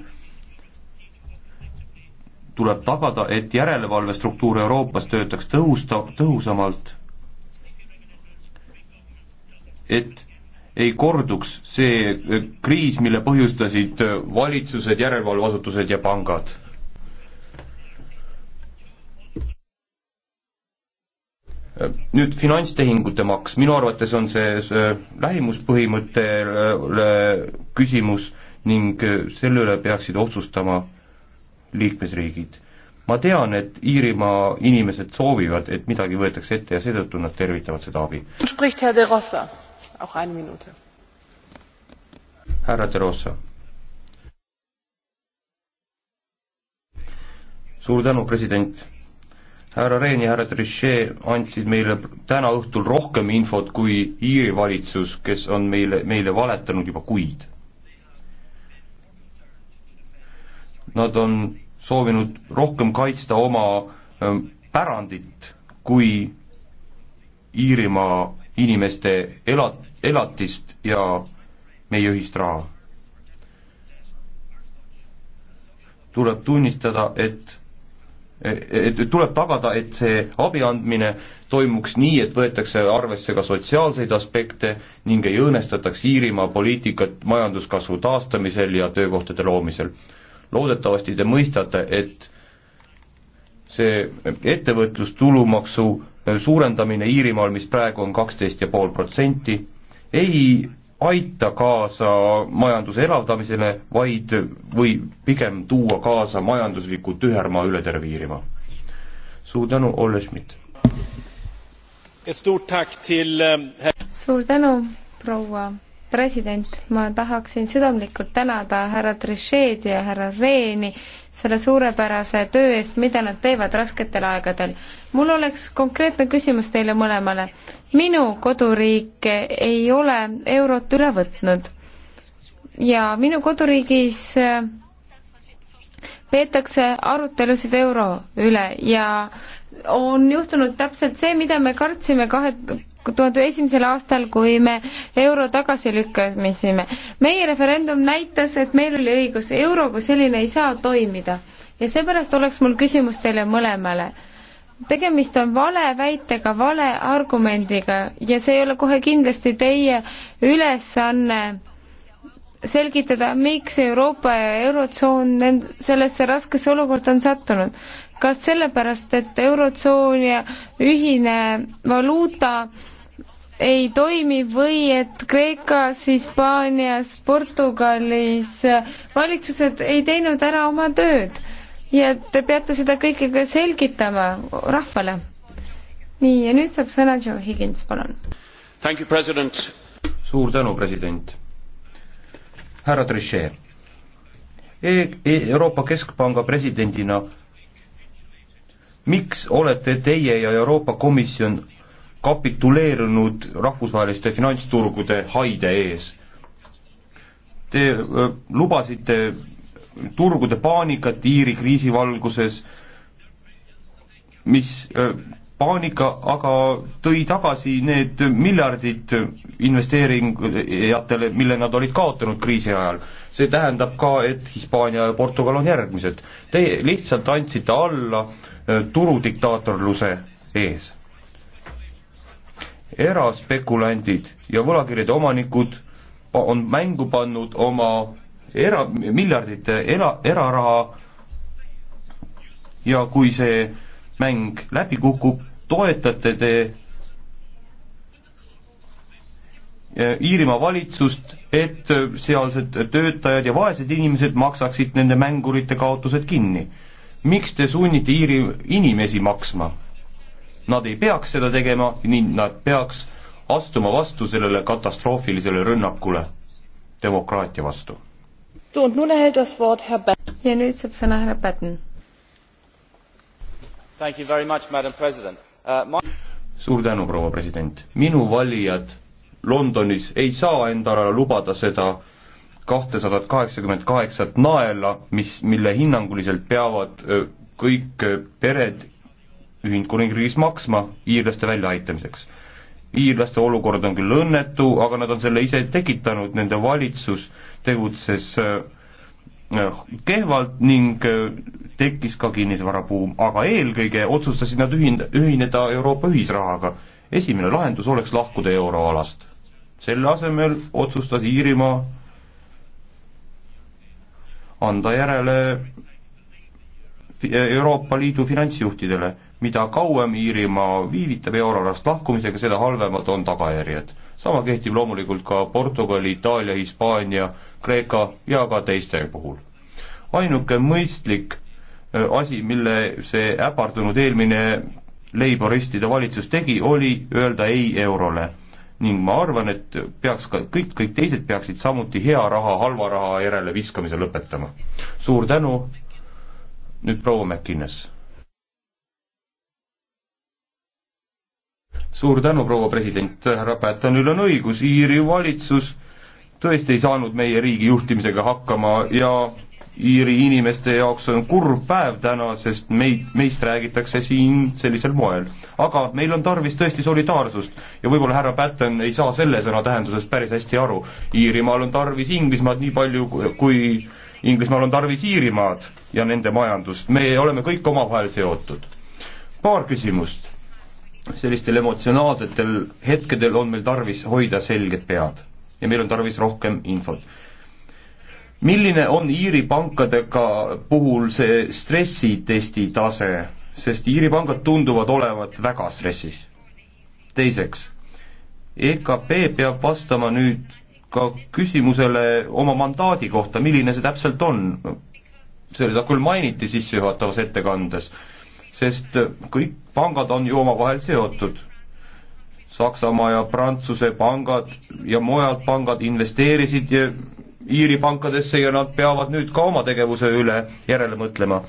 tuleb tagada, et järelevalvestruktuur Euroopas töötaks tõhusta, tõhusamalt, et ei korduks see eh, kriis, mille põhjustasid eh, valitsused, järelevalveasutused ja pangad. nüüd finantstehingute maks, minu arvates on see, see lähimuspõhimõttele küsimus ning eh, selle üle peaksid otsustama liikmesriigid. ma tean, et Iirimaa inimesed soovivad, et midagi võetakse ette ja seetõttu nad tervitavad seda abi. härra De Rossa. suur tänu, president. härra Rehn ja härra Trichet andsid meile täna õhtul rohkem infot kui Iiri valitsus, kes on meile, meile valetanud juba kuid nad on soovinud rohkem kaitsta oma ähm, pärandit kui Iirimaa inimeste ela-, elatist ja meie ühist raha. tuleb tunnistada, et e-, et tuleb tagada, et see abi andmine toimuks nii, et võetakse arvesse ka sotsiaalseid aspekte ning ei õõnestataks Iirimaa poliitikat majanduskasvu taastamisel ja töökohtade loomisel loodetavasti te mõistate, et see ettevõtlustulumaksu suurendamine Iirimaal, mis praegu on kaksteist ja pool protsenti, ei aita kaasa majanduse elavdamisele, vaid võib pigem tuua kaasa majandusliku tühermaa üle terve Iirimaa. suur tänu, Olle Schmidt! Eh, suur tänu, proua president, ma tahaksin südamlikult tänada härra Trichet ja härra Rehni selle suurepärase töö eest, mida nad teevad rasketel aegadel. mul oleks konkreetne küsimus teile mõlemale. minu koduriik ei ole eurot üle võtnud ja minu koduriigis äh, peetakse arutelusid euro üle ja on juhtunud täpselt see, mida me kartsime kahe tuhande esimesel aastal, kui me euro tagasi lükkasime. meie referendum näitas, et meil oli õigus, euro kui selline ei saa toimida. ja seepärast oleks mul küsimus teile mõlemale. tegemist on valeväitega, valeargumendiga ja see ei ole kohe kindlasti teie ülesanne selgitada, miks Euroopa ja Eurotsoon sellesse raskesse olukorda on sattunud. kas sellepärast, et Eurotsoon ja ühine valuuta ei toimi või et Kreekas, Hispaanias, Portugalis valitsused ei teinud ära oma tööd ja te peate seda kõike ka selgitama rahvale. nii, ja nüüd saab sõna Joe Higgins, palun. suur tänu, president härra Trichet e, e Euroopa Keskpanga presidendina, miks olete teie ja Euroopa Komisjon kapituleerunud rahvusvaheliste finantsturgude haide ees? Te öö, lubasite turgude paanikat Iiri kriisi valguses, mis öö, paanika aga tõi tagasi need miljardid investeeringujatele, mille nad olid kaotanud kriisi ajal. see tähendab ka, et Hispaania ja Portugal on järgmised. Teie lihtsalt andsite alla äh, turudiktaatorluse ees. eraspekulandid ja võlakirjade omanikud on mängu pannud oma era, miljardite era, eraraha ja kui see mäng läbi kukub, toetate te eh, Iirimaa valitsust, et eh, sealsed töötajad ja vaesed inimesed maksaksid nende mängurite kaotused kinni. miks te sunnite Iiri inimesi maksma? Nad ei peaks seda tegema, nii nad peaks astuma vastu sellele katastroofilisele rünnakule demokraatia vastu. ja nüüd saab sõna härra Patten. Thank you very much, madam president Äh, ma... suur tänu, proua president. minu valijad Londonis ei saa endale lubada seda kahtesadat kaheksakümmend kaheksat naela, mis, mille hinnanguliselt peavad äh, kõik äh, pered Ühendkuningriigis maksma iirlaste väljaaitamiseks. iirlaste olukord on küll õnnetu, aga nad on selle ise tekitanud, nende valitsus tegutses äh, kehvalt ning äh, tekkis ka kinnisvarabuum, aga eelkõige otsustasid nad ühin-, ühineda Euroopa ühisrahaga. esimene lahendus oleks lahkuda euroalast. selle asemel otsustas Iirimaa anda järele Euroopa Liidu finantsjuhtidele. mida kauem Iirimaa viivitab euroalast lahkumisega, seda halvemad on tagajärjed sama kehtib loomulikult ka Portugali, Itaalia, Hispaania, Kreeka ja ka teiste puhul. ainuke mõistlik äh, asi, mille see äpardunud eelmine leiboristide valitsus tegi, oli öelda ei eurole. ning ma arvan, et peaks ka kõik, kõik teised peaksid samuti hea raha halva raha järele viskamise lõpetama. suur tänu, nüüd proua Mäkkines suur tänu, proua president, härra Pätanil on õigus, Iiri valitsus tõesti ei saanud meie riigi juhtimisega hakkama ja Iiri inimeste jaoks on kurb päev täna, sest meid, meist räägitakse siin sellisel moel. aga meil on tarvis tõesti solidaarsust ja võib-olla härra Patten ei saa selle sõna tähendusest päris hästi aru. Iirimaal on tarvis Inglismaad nii palju, kui Inglismaal on tarvis Iirimaad ja nende majandust, me oleme kõik omavahel seotud. paar küsimust sellistel emotsionaalsetel hetkedel on meil tarvis hoida selged pead ja meil on tarvis rohkem infot. milline on Iiri pankadega puhul see stressitesti tase, sest Iiri pangad tunduvad olevat väga stressis? teiseks, EKP peab vastama nüüd ka küsimusele oma mandaadi kohta, milline see täpselt on? seda küll mainiti sissejuhatavas ettekandes sest kõik pangad on ju omavahel seotud. Saksamaa ja Prantsuse pangad ja mujalt pangad investeerisid Iiri pankadesse ja nad peavad nüüd ka oma tegevuse üle järele mõtlema.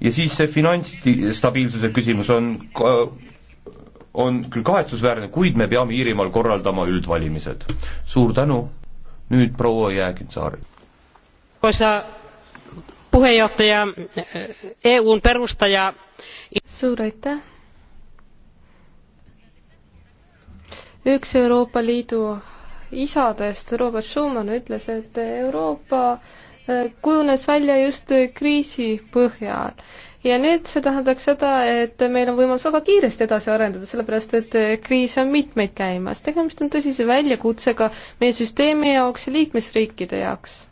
ja siis see finantsstabiilsuse küsimus on, on küll kahetsusväärne, kuid me peame Iirimaal korraldama üldvalimised. suur tänu, nüüd proua Jääginsaar puheenjohtaja eun perustaja suur aitäh üks euroopa liidu isadest robert schuman ütles et euroopa eh, kujunes välja just kriisi põhjal ja nüüd see tähendaks seda, et meil on võimalus väga kiiresti edasi arendada, sellepärast et kriise on mitmeid käimas. tegemist on tõsise väljakutsega meie süsteemi jaoks ja liikmesriikide jaoks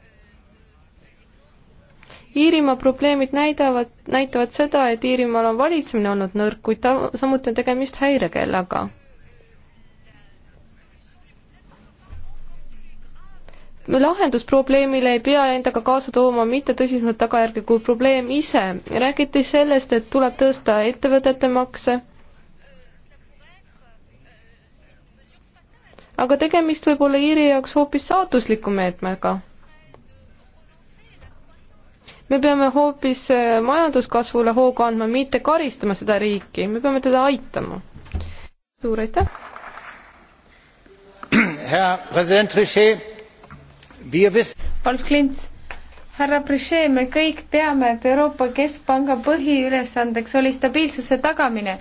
Iirimaa probleemid näidavad, näitavad seda, et Iirimaal on valitsemine olnud nõrk, kuid ta, samuti on tegemist häirekellaga. lahendus probleemile ei pea endaga kaasa tooma mitte tõsisemat tagajärge kui probleem ise. räägiti sellest, et tuleb tõsta ettevõtete makse aga tegemist võib olla Iiri jaoks hoopis saatusliku meetmega me peame hoopis äh, majanduskasvule hoogu andma, mitte karistama seda riiki, me peame teda aitama. suur aitäh! härra president Trichet, Wolf Klints härra Trichet, me kõik teame, et Euroopa Keskpanga põhiülesandeks oli stabiilsuse tagamine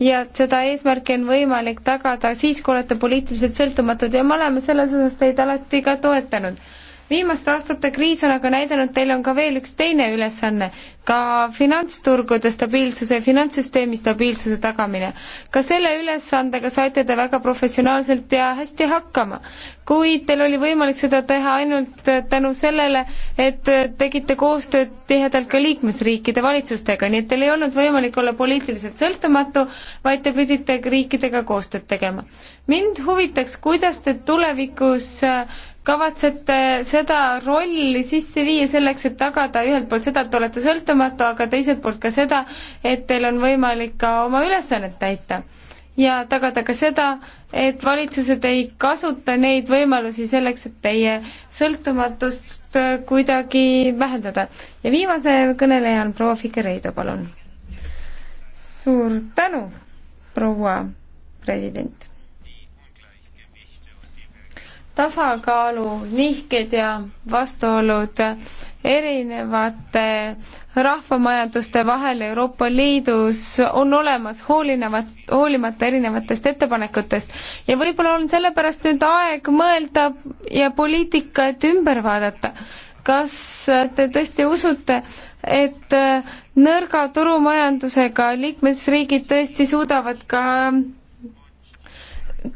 ja et seda eesmärki on võimalik tagada siis, kui olete poliitiliselt sõltumatud ja me oleme selles osas teid alati ka toetanud viimaste aastate kriis on aga näidanud, teil on ka veel üks teine ülesanne, ka finantsturgude stabiilsuse ja finantssüsteemi stabiilsuse tagamine. ka selle ülesandega saite te väga professionaalselt ja hästi hakkama, kuid teil oli võimalik seda teha ainult tänu sellele, et tegite koostööd tihedalt ka liikmesriikide valitsustega, nii et teil ei olnud võimalik olla poliitiliselt sõltumatu, vaid te pidite riikidega koostööd tegema mind huvitaks, kuidas te tulevikus äh, kavatsete seda rolli sisse viia selleks, et tagada ühelt poolt seda, et te olete sõltumatu, aga teiselt poolt ka seda, et teil on võimalik ka oma ülesannet täita. ja tagada ka seda, et valitsused ei kasuta neid võimalusi selleks, et teie sõltumatust äh, kuidagi vähendada. ja viimase kõneleja on proua Figueiredo, palun. suur tänu, proua president tasakaalu nihked ja vastuolud erinevate rahvamajanduste vahel Euroopa Liidus on olemas, hoolinevad, hoolimata erinevatest ettepanekutest. ja võib-olla on sellepärast nüüd aeg mõelda ja poliitikat ümber vaadata. kas te tõesti usute, et nõrga turumajandusega liikmesriigid tõesti suudavad ka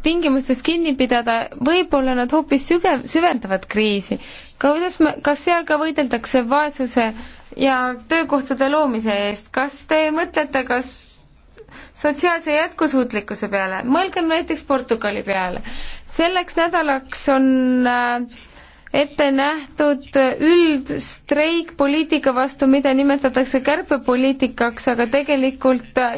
tingimustest kinni pidada, võib-olla nad hoopis sügev, süvendavad kriisi. kuidas me, kas seal ka võideldakse vaesuse ja töökohtade loomise eest, kas te mõtlete, kas sotsiaalse jätkusuutlikkuse peale, mõelgem näiteks Portugali peale. selleks nädalaks on äh, ette nähtud üldstreik poliitika vastu, mida nimetatakse kärpepoliitikaks, aga tegelikult äh,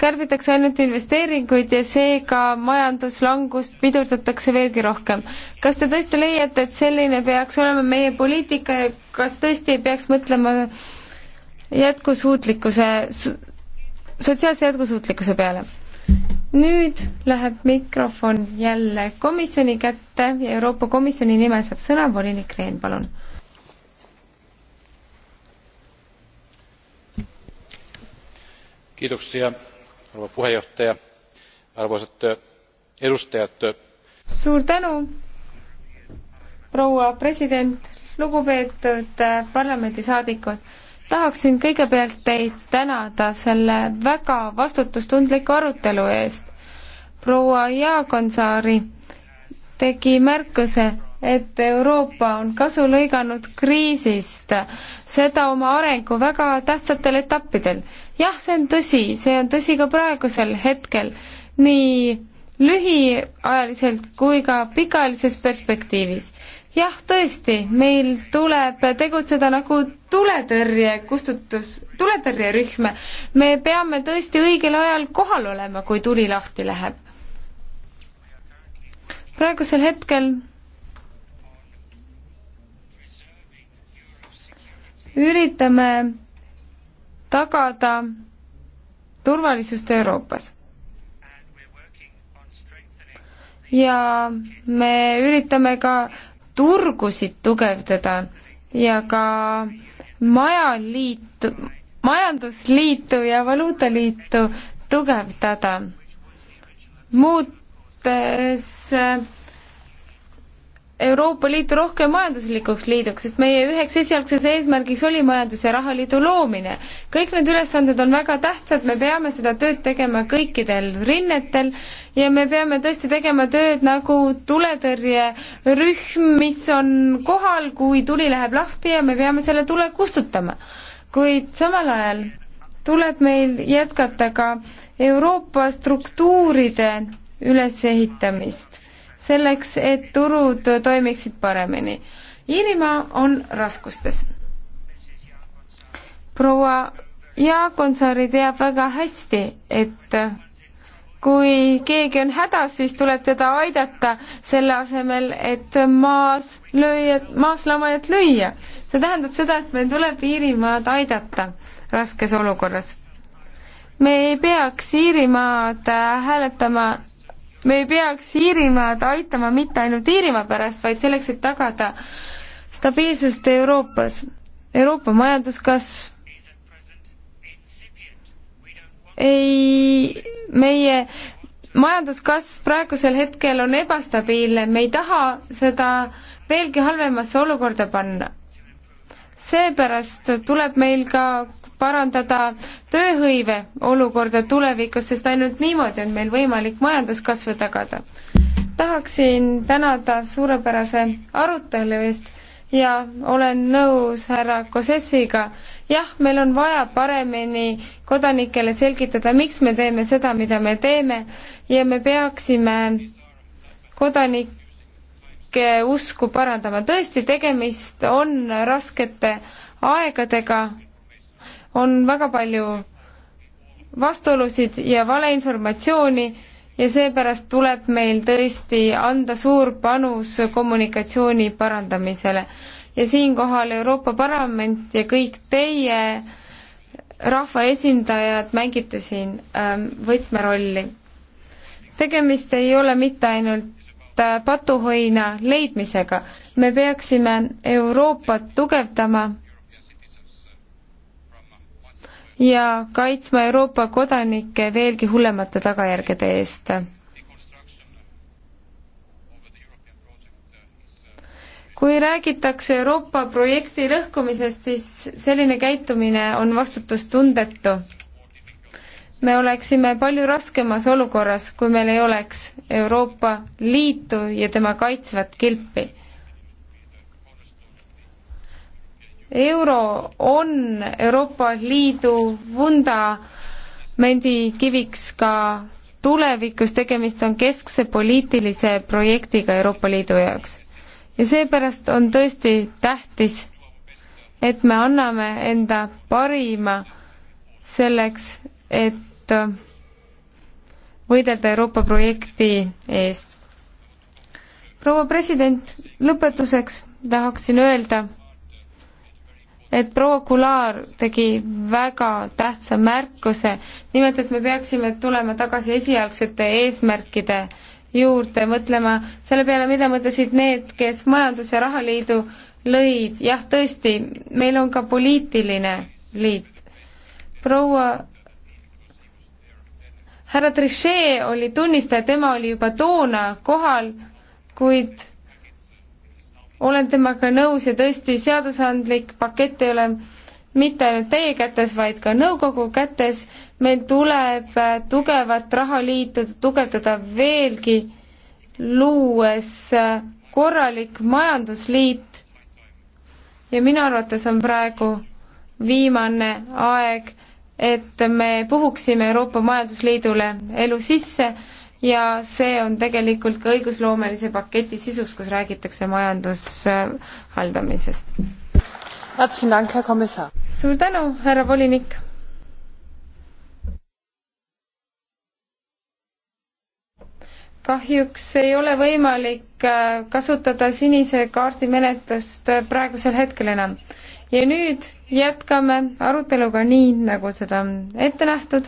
kärbitakse ainult investeeringuid ja seega majanduslangust pidurdatakse veelgi rohkem. kas te tõesti leiate, et selline peaks olema meie poliitika ja kas tõesti ei peaks mõtlema jätkusuutlikkuse, sotsiaalse jätkusuutlikkuse peale? nüüd läheb mikrofon jälle komisjoni kätte ja Euroopa Komisjoni nimel saab sõna volinik Rehn, palun. kiitoksia proua puheenjohtaja arvoisat äh, edustajad suur tänu proua president lugupeetud äh, parlamendisaadikud tahaksin kõigepealt teid tänada selle väga vastutustundliku arutelu eest proua jaakonsaari tegi märkuse et Euroopa on kasu lõiganud kriisist, seda oma arengu väga tähtsatel etappidel. jah, see on tõsi, see on tõsi ka praegusel hetkel, nii lühiajaliselt kui ka pikaajalises perspektiivis. jah, tõesti, meil tuleb tegutseda nagu tuletõrje kustutus, tuletõrjerühm. me peame tõesti õigel ajal kohal olema, kui tuli lahti läheb. praegusel hetkel üritame tagada turvalisust Euroopas. ja me üritame ka turgusid tugevdada ja ka majaliitu, majandusliitu ja valuutaliitu tugevdada, muutes äh, Euroopa Liitu rohkem majanduslikuks liiduks, sest meie üheks esialgses eesmärgiks oli majandus- ja rahaliidu loomine. kõik need ülesanded on väga tähtsad, me peame seda tööd tegema kõikidel rinnetel ja me peame tõesti tegema tööd nagu tuletõrjerühm, mis on kohal, kui tuli läheb lahti ja me peame selle tule kustutama. kuid samal ajal tuleb meil jätkata ka Euroopa struktuuride ülesehitamist selleks, et turud toimiksid paremini. Iirimaa on raskustes. proua Jaakonsari teab väga hästi, et kui keegi on hädas, siis tuleb teda aidata, selle asemel, et maas lööja, maaslamajat lüüa. see tähendab seda, et meil tuleb Iirimaad aidata raskes olukorras. me ei peaks Iirimaad hääletama me ei peaks Iirimaad aitama mitte ainult Iirimaa pärast, vaid selleks, et tagada stabiilsust Euroopas, Euroopa majanduskasv, ei, meie majanduskasv praegusel hetkel on ebastabiilne, me ei taha seda veelgi halvemasse olukorda panna. seepärast tuleb meil ka parandada tööhõive olukorda tulevikus, sest ainult niimoodi on meil võimalik majanduskasvu tagada. tahaksin tänada suurepärase arutelu eest ja olen nõus härra Kosessiga, jah, meil on vaja paremini kodanikele selgitada, miks me teeme seda, mida me teeme ja me peaksime kodanike usku parandama. tõesti, tegemist on raskete aegadega on väga palju vastuolusid ja valeinformatsiooni ja seepärast tuleb meil tõesti anda suur panus kommunikatsiooni parandamisele. ja siinkohal Euroopa Parlament ja kõik teie rahvaesindajad mängite siin ähm, võtmerolli. tegemist ei ole mitte ainult äh, patuhoina leidmisega, me peaksime Euroopat tugevdama ja kaitsma Euroopa kodanikke veelgi hullemate tagajärgede eest. kui räägitakse Euroopa projekti lõhkumisest, siis selline käitumine on vastutustundetu. me oleksime palju raskemas olukorras, kui meil ei oleks Euroopa Liitu ja tema kaitsvat kilpi euro on Euroopa Liidu vundamendi kiviks ka tulevikus, tegemist on keskse poliitilise projektiga Euroopa Liidu jaoks. ja seepärast on tõesti tähtis, et me anname enda parima selleks, et võidelda Euroopa projekti eest. proua president, lõpetuseks tahaksin öelda, et proua Kular tegi väga tähtsa märkuse, nimelt et me peaksime tulema tagasi esialgsete eesmärkide juurde, mõtlema selle peale, mida mõtlesid need, kes Majandus- ja Rahaliidu lõid, jah, tõesti, meil on ka poliitiline liit. proua härra Trichet oli tunnistaja, tema oli juba toona kohal, kuid olen temaga nõus ja tõesti, seadusandlik pakett ei ole mitte ainult teie kätes, vaid ka nõukogu kätes. meil tuleb äh, tugevat rahaliitu tugevdada veelgi, luues äh, korralik majandusliit. ja minu arvates on praegu viimane aeg, et me puhuksime Euroopa Majandusliidule elu sisse ja see on tegelikult ka õigusloomelise paketi sisus, kus räägitakse majandushaldamisest. suur tänu, härra volinik! kahjuks ei ole võimalik äh, kasutada sinise kaardi menetlust äh, praegusel hetkel enam. ja nüüd jätkame aruteluga nii, nagu seda on ette nähtud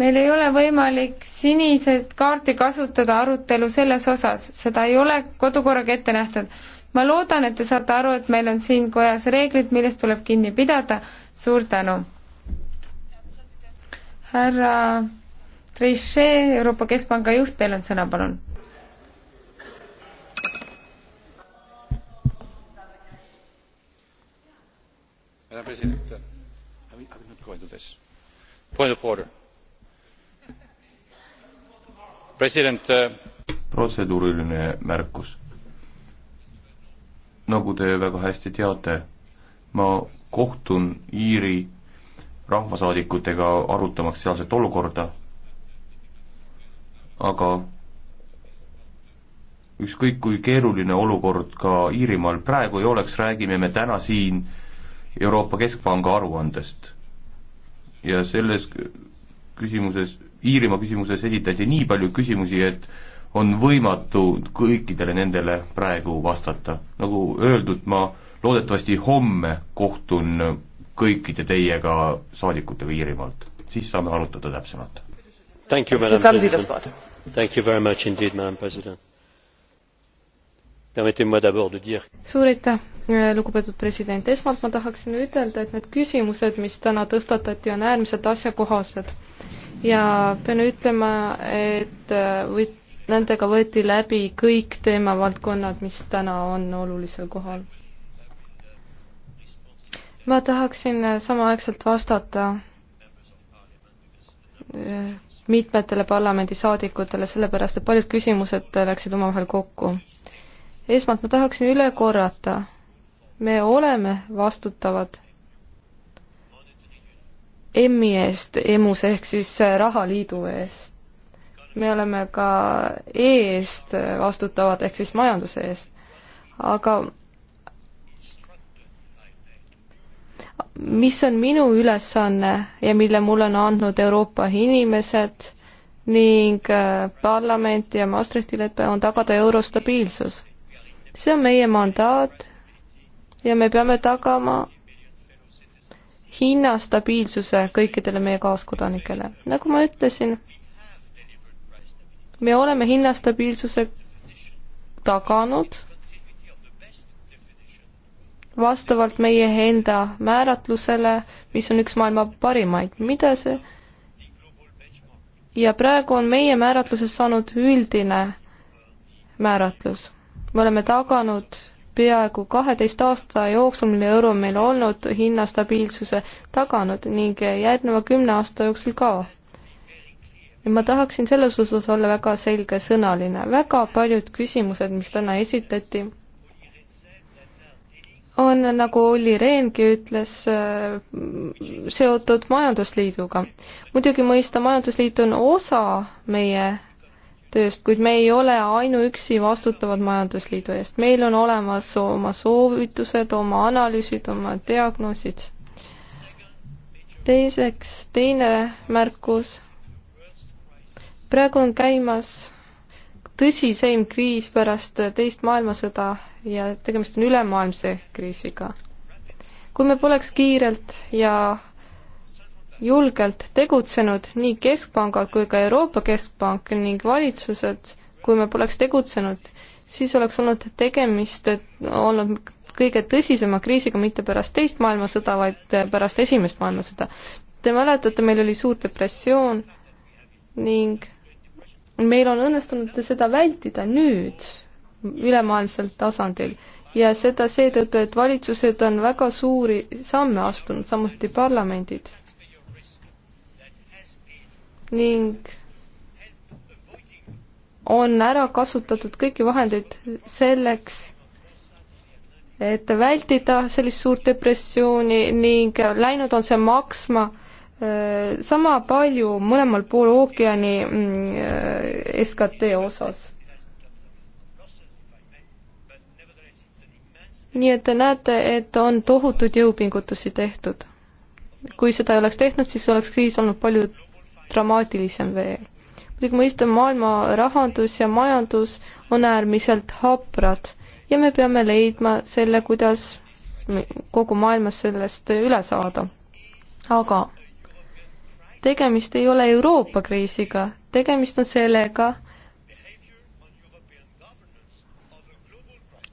meil ei ole võimalik sinisest kaarti kasutada arutelu selles osas, seda ei ole kodukorraga ette nähtud. ma loodan, et te saate aru, et meil on siin kojas reeglid, millest tuleb kinni pidada, suur tänu. härra Trichet, Euroopa Keskpanga juht, teil on sõna, palun härra president Uh, protseduuriline märkus. nagu te väga hästi teate, ma kohtun Iiri rahvasaadikutega arutamaks sealset olukorda, aga ükskõik kui keeruline olukord ka Iirimaal praegu ei oleks, räägime me täna siin Euroopa Keskpanga aruandest. ja selles küsimuses, Iirimaa küsimuses esitati nii palju küsimusi, et on võimatu kõikidele nendele praegu vastata. nagu öeldud, ma loodetavasti homme kohtun kõikide teiega, saadikutega Iirimaalt, siis saame arutada täpsemalt. Thank you, madam president. Thank you very much indeed, madam president suur aitäh, äh, lugupeetud president, esmalt ma tahaksin ütelda, et need küsimused, mis täna tõstatati, on äärmiselt asjakohased. ja pean ütlema, et äh, või nendega võeti läbi kõik teemavaldkonnad, mis täna on olulisel kohal. ma tahaksin äh, samaaegselt vastata mitmetele parlamendisaadikutele, sellepärast et paljud küsimused läksid omavahel kokku esmalt ma tahaksin üle korrata, me oleme vastutavad EM-i eest, EMU-s ehk siis Rahaliidu eest. me oleme ka E-eest vastutavad ehk siis majanduse eest. aga mis on minu ülesanne ja mille mulle on andnud Euroopa inimesed ning äh, parlament ja Maastrichti lepe, on tagada euro stabiilsus see on meie mandaat ja me peame tagama hinnastabiilsuse kõikidele meie kaaskodanikele. nagu ma ütlesin, me oleme hinnastabiilsuse taganud vastavalt meie enda määratlusele, mis on üks maailma parimaid, mida see ja praegu on meie määratlusest saanud üldine määratlus me oleme taganud peaaegu kaheteist aasta jooksul, mille euro on meil olnud, hinnastabiilsuse taganud ning järgneva kümne aasta jooksul ka. ma tahaksin selles osas olla väga selgesõnaline, väga paljud küsimused, mis täna esitati, on, nagu Olli Rehngi ütles, seotud Majandusliiduga. muidugi mõista, Majandusliit on osa meie tööst, kuid me ei ole ainuüksi vastutavad Majandusliidu eest, meil on olemas oma soovitused, oma analüüsid, oma diagnoosid. teiseks, teine märkus, praegu on käimas tõsiseim kriis pärast teist maailmasõda ja tegemist on ülemaailmse kriisiga. kui me poleks kiirelt ja julgelt tegutsenud nii Keskpangad kui ka Euroopa Keskpank ning valitsused, kui me poleks tegutsenud, siis oleks olnud tegemist olnud kõige tõsisema kriisiga mitte pärast teist maailmasõda, vaid pärast esimest maailmasõda. Te mäletate, meil oli suur depressioon ning meil on õnnestunud seda vältida nüüd ülemaailmsel tasandil ja seda seetõttu, et valitsused on väga suuri samme astunud, samuti parlamendid ning on ära kasutatud kõiki vahendeid selleks, et vältida sellist suurt depressiooni ning läinud on see maksma äh, sama palju mõlemal pool ookeani mm, äh, SKT osas. nii et te näete, et on tohutuid jõupingutusi tehtud. kui seda ei oleks tehtud, siis oleks kriis olnud palju dramaatilisem veel. muidugi mõista maailma rahandus ja majandus on äärmiselt haprad ja me peame leidma selle, kuidas kogu maailmas sellest üle saada. aga tegemist ei ole Euroopa kriisiga, tegemist on sellega,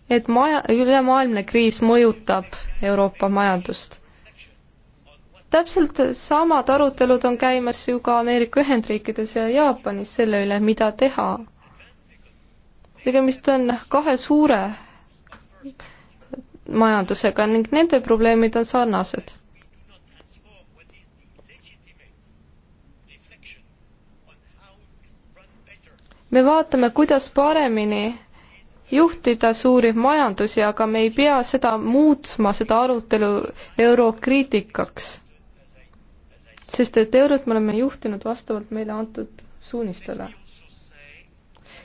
et maja, ülemaailmne kriis mõjutab Euroopa majandust täpselt samad arutelud on käimas ju ka Ameerika Ühendriikides ja Jaapanis selle üle, mida teha. tegemist on kahe suure majandusega ning nende probleemid on sarnased. me vaatame, kuidas paremini juhtida suuri majandusi, aga me ei pea seda muutma, seda arutelu eurokriitikaks sest et eurot me oleme juhtinud vastavalt meile antud suunistele.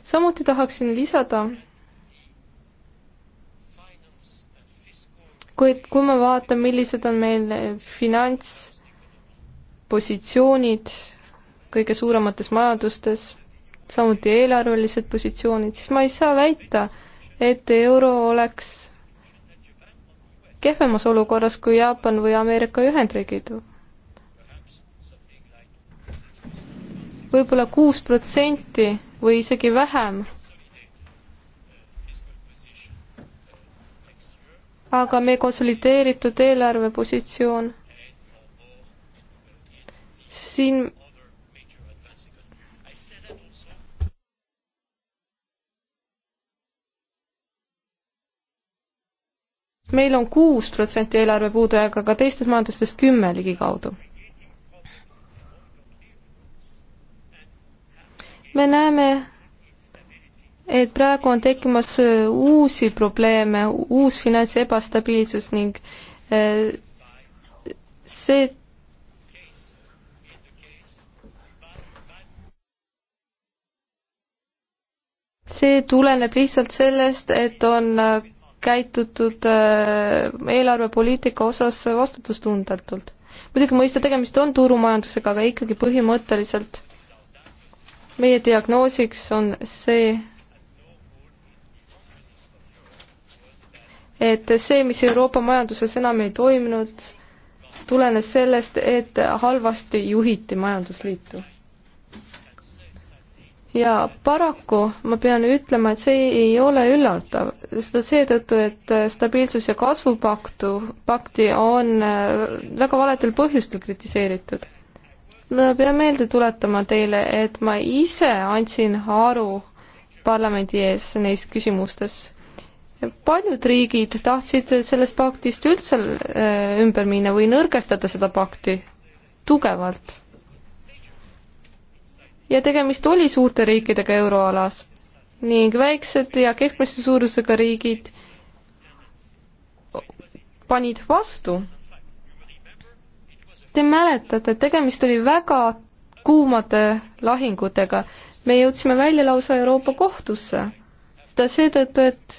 samuti tahaksin lisada, kuid kui ma vaatan, millised on meil finantspositsioonid kõige suuremates majandustes, samuti eelarvelised positsioonid, siis ma ei saa väita, et euro oleks kehvemas olukorras kui Jaapan või Ameerika Ühendriigid võib-olla kuus protsenti või isegi vähem. aga meie konsolideeritud eelarvepositsioon, siin meil on kuus protsenti eelarve puudujääk, aga teistes majandustes kümme ligikaudu me näeme, et praegu on tekkimas äh, uusi probleeme, uus finantsi ebastabiilsus ning äh, see see tuleneb lihtsalt sellest, et on äh, käitutud eelarvepoliitika osas vastutustundetult. muidugi mõista tegemist on turumajandusega, aga ikkagi põhimõtteliselt meie diagnoosiks on see, et see, mis Euroopa majanduses enam ei toiminud, tulenes sellest, et halvasti juhiti majandusliitu. ja paraku ma pean ütlema, et see ei ole üllatav, seda seetõttu, et stabiilsus- ja kasvupaktu, pakti on äh, väga valedel põhjustel kritiseeritud ma pean meelde tuletama teile, et ma ise andsin aru parlamendi ees neis küsimustes. paljud riigid tahtsid sellest paktist üldse äh, ümber minna või nõrgestada seda pakti tugevalt. ja tegemist oli suurte riikidega euroalas ning väiksed ja keskmise suurusega riigid panid vastu Te mäletate, et tegemist oli väga kuumade lahingutega. me jõudsime välja lausa Euroopa kohtusse. seda seetõttu, et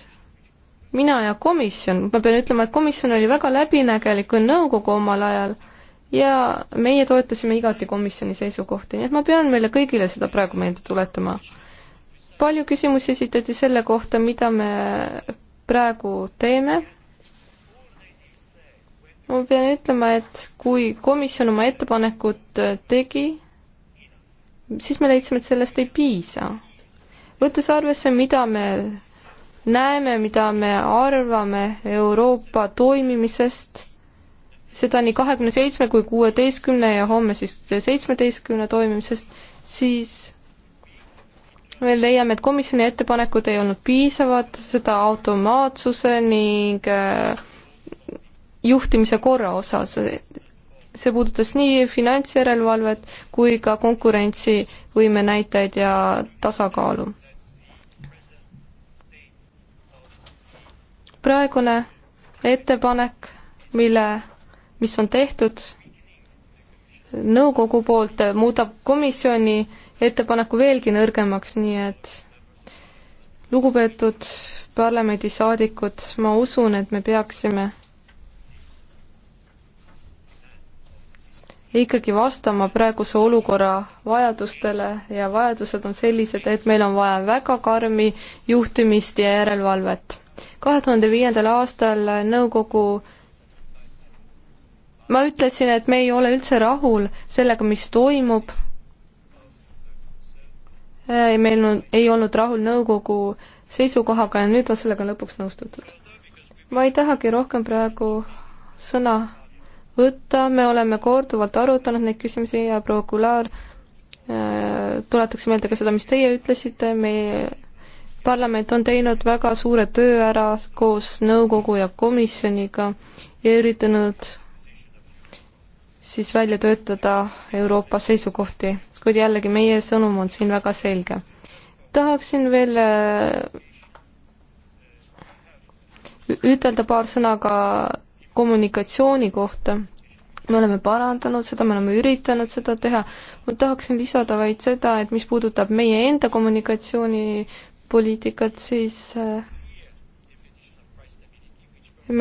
mina ja komisjon, ma pean ütlema, et komisjon oli väga läbinägelik kui nõukogu omal ajal ja meie toetasime igati komisjoni seisukohti, nii et ma pean meile kõigile seda praegu meelde tuletama. palju küsimusi esitati selle kohta, mida me praegu teeme ma pean ütlema, et kui komisjon oma ettepanekut äh, tegi, siis me leidsime, et sellest ei piisa. võttes arvesse, mida me näeme, mida me arvame Euroopa toimimisest, seda nii kahekümne seitsme kui kuueteistkümne ja homme siis seitsmeteistkümne toimimisest, siis me leiame, et komisjoni ettepanekud ei olnud piisavad, seda automaatsuse ning äh, juhtimise korra osas. see puudutas nii finantsjärelevalvet kui ka konkurentsivõime näitajaid ja tasakaalu. praegune ettepanek, mille, mis on tehtud nõukogu poolt, muudab komisjoni ettepaneku veelgi nõrgemaks, nii et lugupeetud parlamendisaadikud, ma usun, et me peaksime ikkagi vastama praeguse olukorra vajadustele ja vajadused on sellised, et meil on vaja väga karmi juhtimist ja järelevalvet. kahe tuhande viiendal aastal nõukogu ma ütlesin, et me ei ole üldse rahul sellega, mis toimub. meil on, ei olnud rahul nõukogu seisukohaga ja nüüd on sellega lõpuks nõustutud. ma ei tahagi rohkem praegu sõna võtta, me oleme korduvalt arutanud neid küsimusi ja proua Kulaar äh, tuletaks meelde ka seda, mis teie ütlesite, meie parlament on teinud väga suure töö ära koos nõukogu ja komisjoniga ja üritanud siis välja töötada Euroopa seisukohti, kuid jällegi meie sõnum on siin väga selge. tahaksin veel äh, ütelda paar sõna ka kommunikatsiooni kohta. me oleme parandanud seda, me oleme üritanud seda teha. ma tahaksin lisada vaid seda, et mis puudutab meie enda kommunikatsioonipoliitikat, siis äh,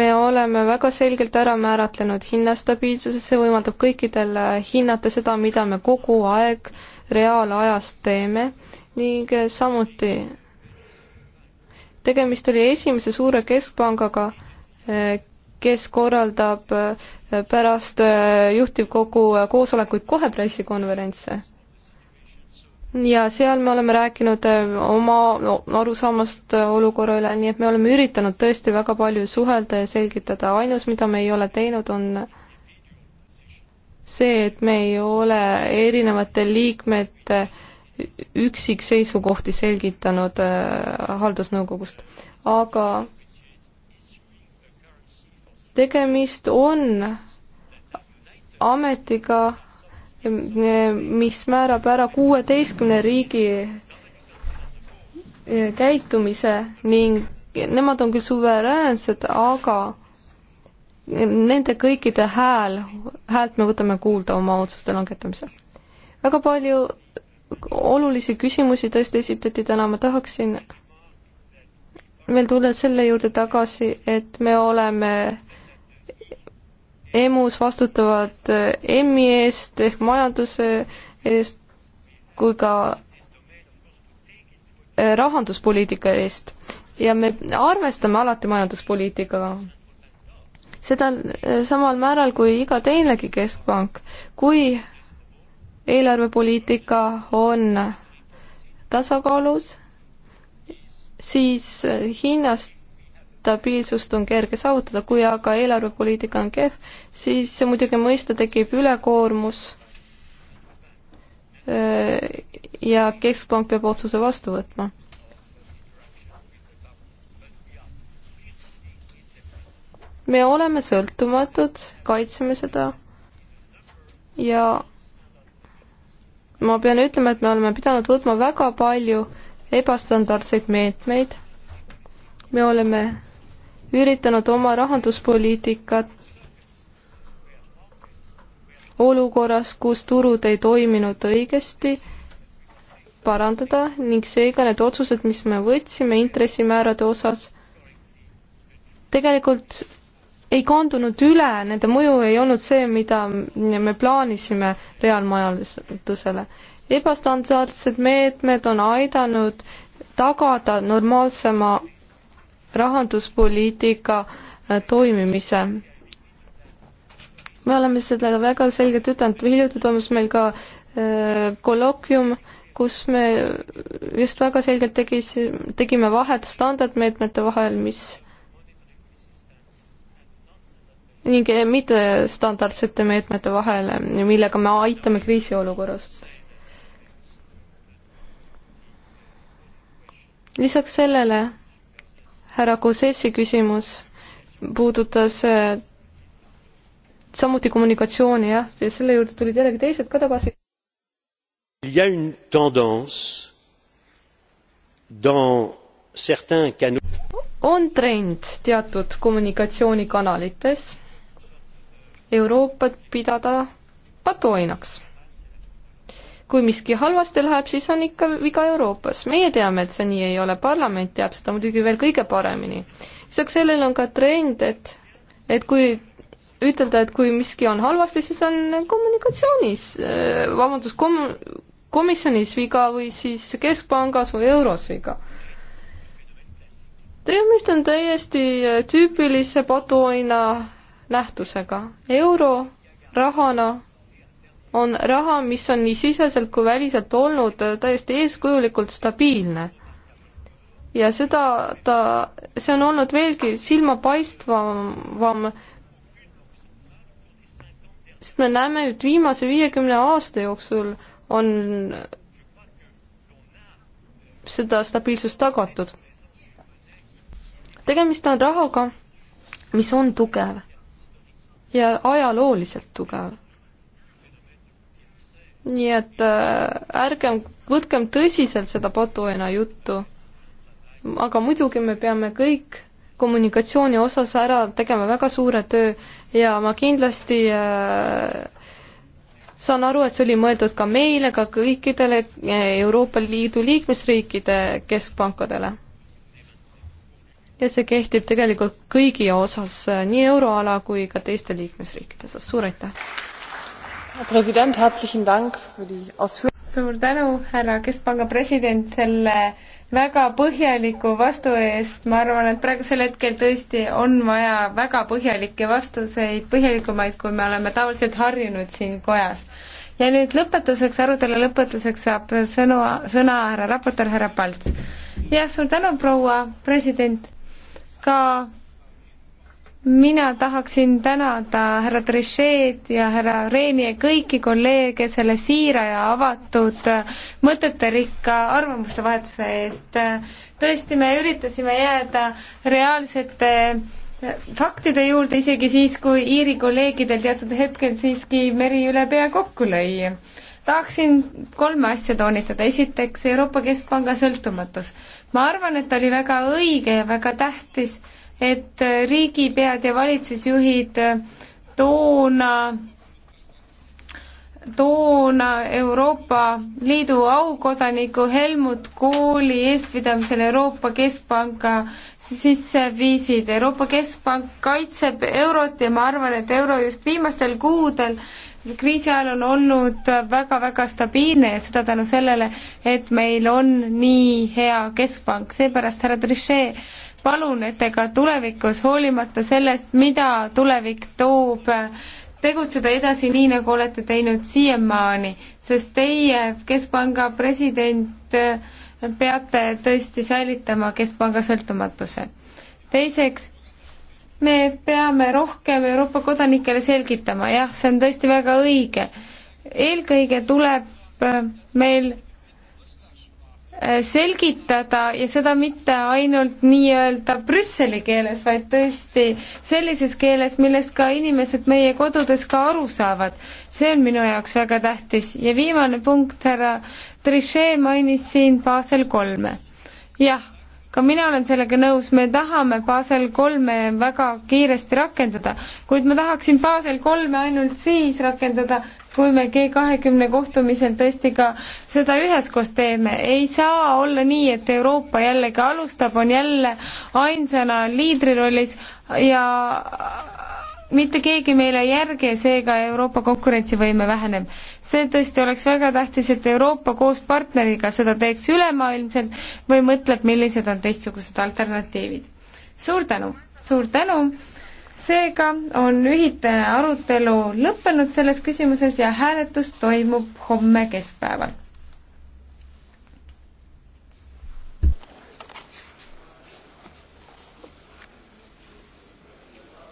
me oleme väga selgelt ära määratlenud hinnastabiilsuse, see võimaldab kõikidel äh, hinnata seda, mida me kogu aeg reaalajas teeme ning äh, samuti tegemist oli esimese suure keskpangaga, kes korraldab äh, pärast äh, juhtivkogu äh, koosolekuid kohe pressikonverentse. ja seal me oleme rääkinud oma arusaamast olukorra üle, nii et me oleme üritanud tõesti väga palju suhelda ja selgitada, ainus, mida me ei ole teinud, on see, et me ei ole erinevate liikmete üksik seisukohti selgitanud haldusnõukogust, aga tegemist on ametiga, mis määrab ära kuueteistkümne riigi eh, käitumise ning nemad on küll suveräänsed, aga nende kõikide hääl, häält me võtame kuulda oma otsuste langetamisel. väga palju olulisi küsimusi tõesti esitati täna, ma tahaksin veel tulla selle juurde tagasi, et me oleme EMU-s vastutavad eh, EM-i eest ehk majanduse eest kui ka eh, rahanduspoliitika eest ja me arvestame alati majanduspoliitikaga. seda eh, samal määral kui iga teinegi keskpank. kui eelarvepoliitika on tasakaalus, siis hinnast stabiilsust on kerge saavutada, kui aga eelarvepoliitika on kehv, siis muidugi mõista tekib ülekoormus äh, ja Keskpank peab otsuse vastu võtma. me oleme sõltumatud, kaitseme seda ja ma pean ütlema, et me oleme pidanud võtma väga palju ebastandardseid meetmeid. me oleme üritanud oma rahanduspoliitikat olukorras, kus turud ei toiminud õigesti, parandada ning seega need otsused, mis me võtsime intressimäärade osas, tegelikult ei kandunud üle, nende mõju ei olnud see, mida me plaanisime reaalmajandusele. ebastandardsed meetmed on aidanud tagada normaalsema rahanduspoliitika äh, toimimise. me oleme seda väga selgelt ütelnud, hiljuti toimus meil ka äh, kolokvium, kus me just väga selgelt tegis, tegime vahet standardmeetmete vahel, mis ning äh, mittestandardsete meetmete vahel, millega me aitame kriisiolukorras. lisaks sellele härra Kosessi küsimus puudutas äh, samuti kommunikatsiooni, jah, ja selle juurde tulid jällegi teised ka tagasi. Il y a une tendance dans certains canaux on trend teatud kommunikatsioonikanalites Euroopat pidada patuoinaks kui miski halvasti läheb, siis on ikka viga Euroopas. meie teame, et see nii ei ole, parlament teab seda muidugi veel kõige paremini. lisaks sellele on ka trend, et, et kui ütelda, et kui miski on halvasti, siis on kommunikatsioonis, äh, vabandust, kom-, komisjonis viga või siis keskpangas või euros viga tegemist on täiesti äh, tüüpilise paduaina nähtusega. euro rahana on raha, mis on nii siseselt kui väliselt olnud äh, täiesti eeskujulikult stabiilne. ja seda ta, see on olnud veelgi silmapaistvam, sest me näeme, et viimase viiekümne aasta jooksul on seda stabiilsust tagatud. tegemist on rahaga, mis on tugev ja ajalooliselt tugev nii et äh, ärgem, võtkem tõsiselt seda Patuena juttu. aga muidugi me peame kõik kommunikatsiooni osas ära tegema väga suure töö ja ma kindlasti äh, saan aru, et see oli mõeldud ka meile, ka kõikidele äh, Euroopa Liidu liikmesriikide keskpankadele. ja see kehtib tegelikult kõigi osas, nii euroala kui ka teiste liikmesriikide osas, suur aitäh! suur tänu, härra Keskpanga president, selle väga põhjaliku vastu eest, ma arvan, et praegusel hetkel tõesti on vaja väga põhjalikke vastuseid, põhjalikumaid, kui me oleme tavaliselt harjunud siin kojas. ja nüüd lõpetuseks, arutelu lõpetuseks saab sõnu, sõna härra raportöör, härra Palts. jah, suur tänu, proua president, ka mina tahaksin tänada härra Trichet ja härra Reeni ja kõiki kolleege selle siira ja avatud mõteterikka arvamuste vahetuse eest. tõesti, me üritasime jääda reaalsete faktide juurde isegi siis, kui Iiri kolleegidel teatud hetkel siiski meri üle pea kokku lõi. tahaksin kolme asja toonitada, esiteks Euroopa Keskpanga sõltumatus. ma arvan, et oli väga õige ja väga tähtis et riigipead ja valitsusjuhid toona toona Euroopa Liidu aukodaniku Helmut Kooli eestvedamisel Euroopa Keskpanka sisse viisid. Euroopa Keskpank kaitseb eurot ja ma arvan, et euro just viimastel kuudel kriisi ajal on olnud väga-väga stabiilne ja seda tänu sellele, et meil on nii hea keskpank. seepärast, härra Trichet, palun, et te ka tulevikus, hoolimata sellest, mida tulevik toob, tegutseda edasi nii, nagu olete teinud siiamaani, sest teie Keskpanga president peate tõesti säilitama Keskpanga sõltumatuse. teiseks, me peame rohkem Euroopa kodanikele selgitama, jah, see on tõesti väga õige. eelkõige tuleb äh, meil Äh, selgitada ja seda mitte ainult nii-öelda Brüsseli keeles, vaid tõesti sellises keeles, millest ka inimesed meie kodudes ka aru saavad. see on minu jaoks väga tähtis ja viimane punkt, härra Trichet mainis siin Basel kolme. jah ka mina olen sellega nõus, me tahame Basel kolme väga kiiresti rakendada, kuid ma tahaksin Basel kolme ainult siis rakendada, kui me G kahekümne kohtumisel tõesti ka seda üheskoos teeme. ei saa olla nii, et Euroopa jällegi alustab, on jälle ainsana liidrirollis ja mitte keegi meile ei järgi ja seega Euroopa konkurentsivõime väheneb. see tõesti oleks väga tähtis, et Euroopa koos partneriga seda teeks ülemaailmselt või mõtleb, millised on teistsugused alternatiivid. suur tänu, suur tänu! seega on ühitaja arutelu lõppenud selles küsimuses ja hääletus toimub homme keskpäeval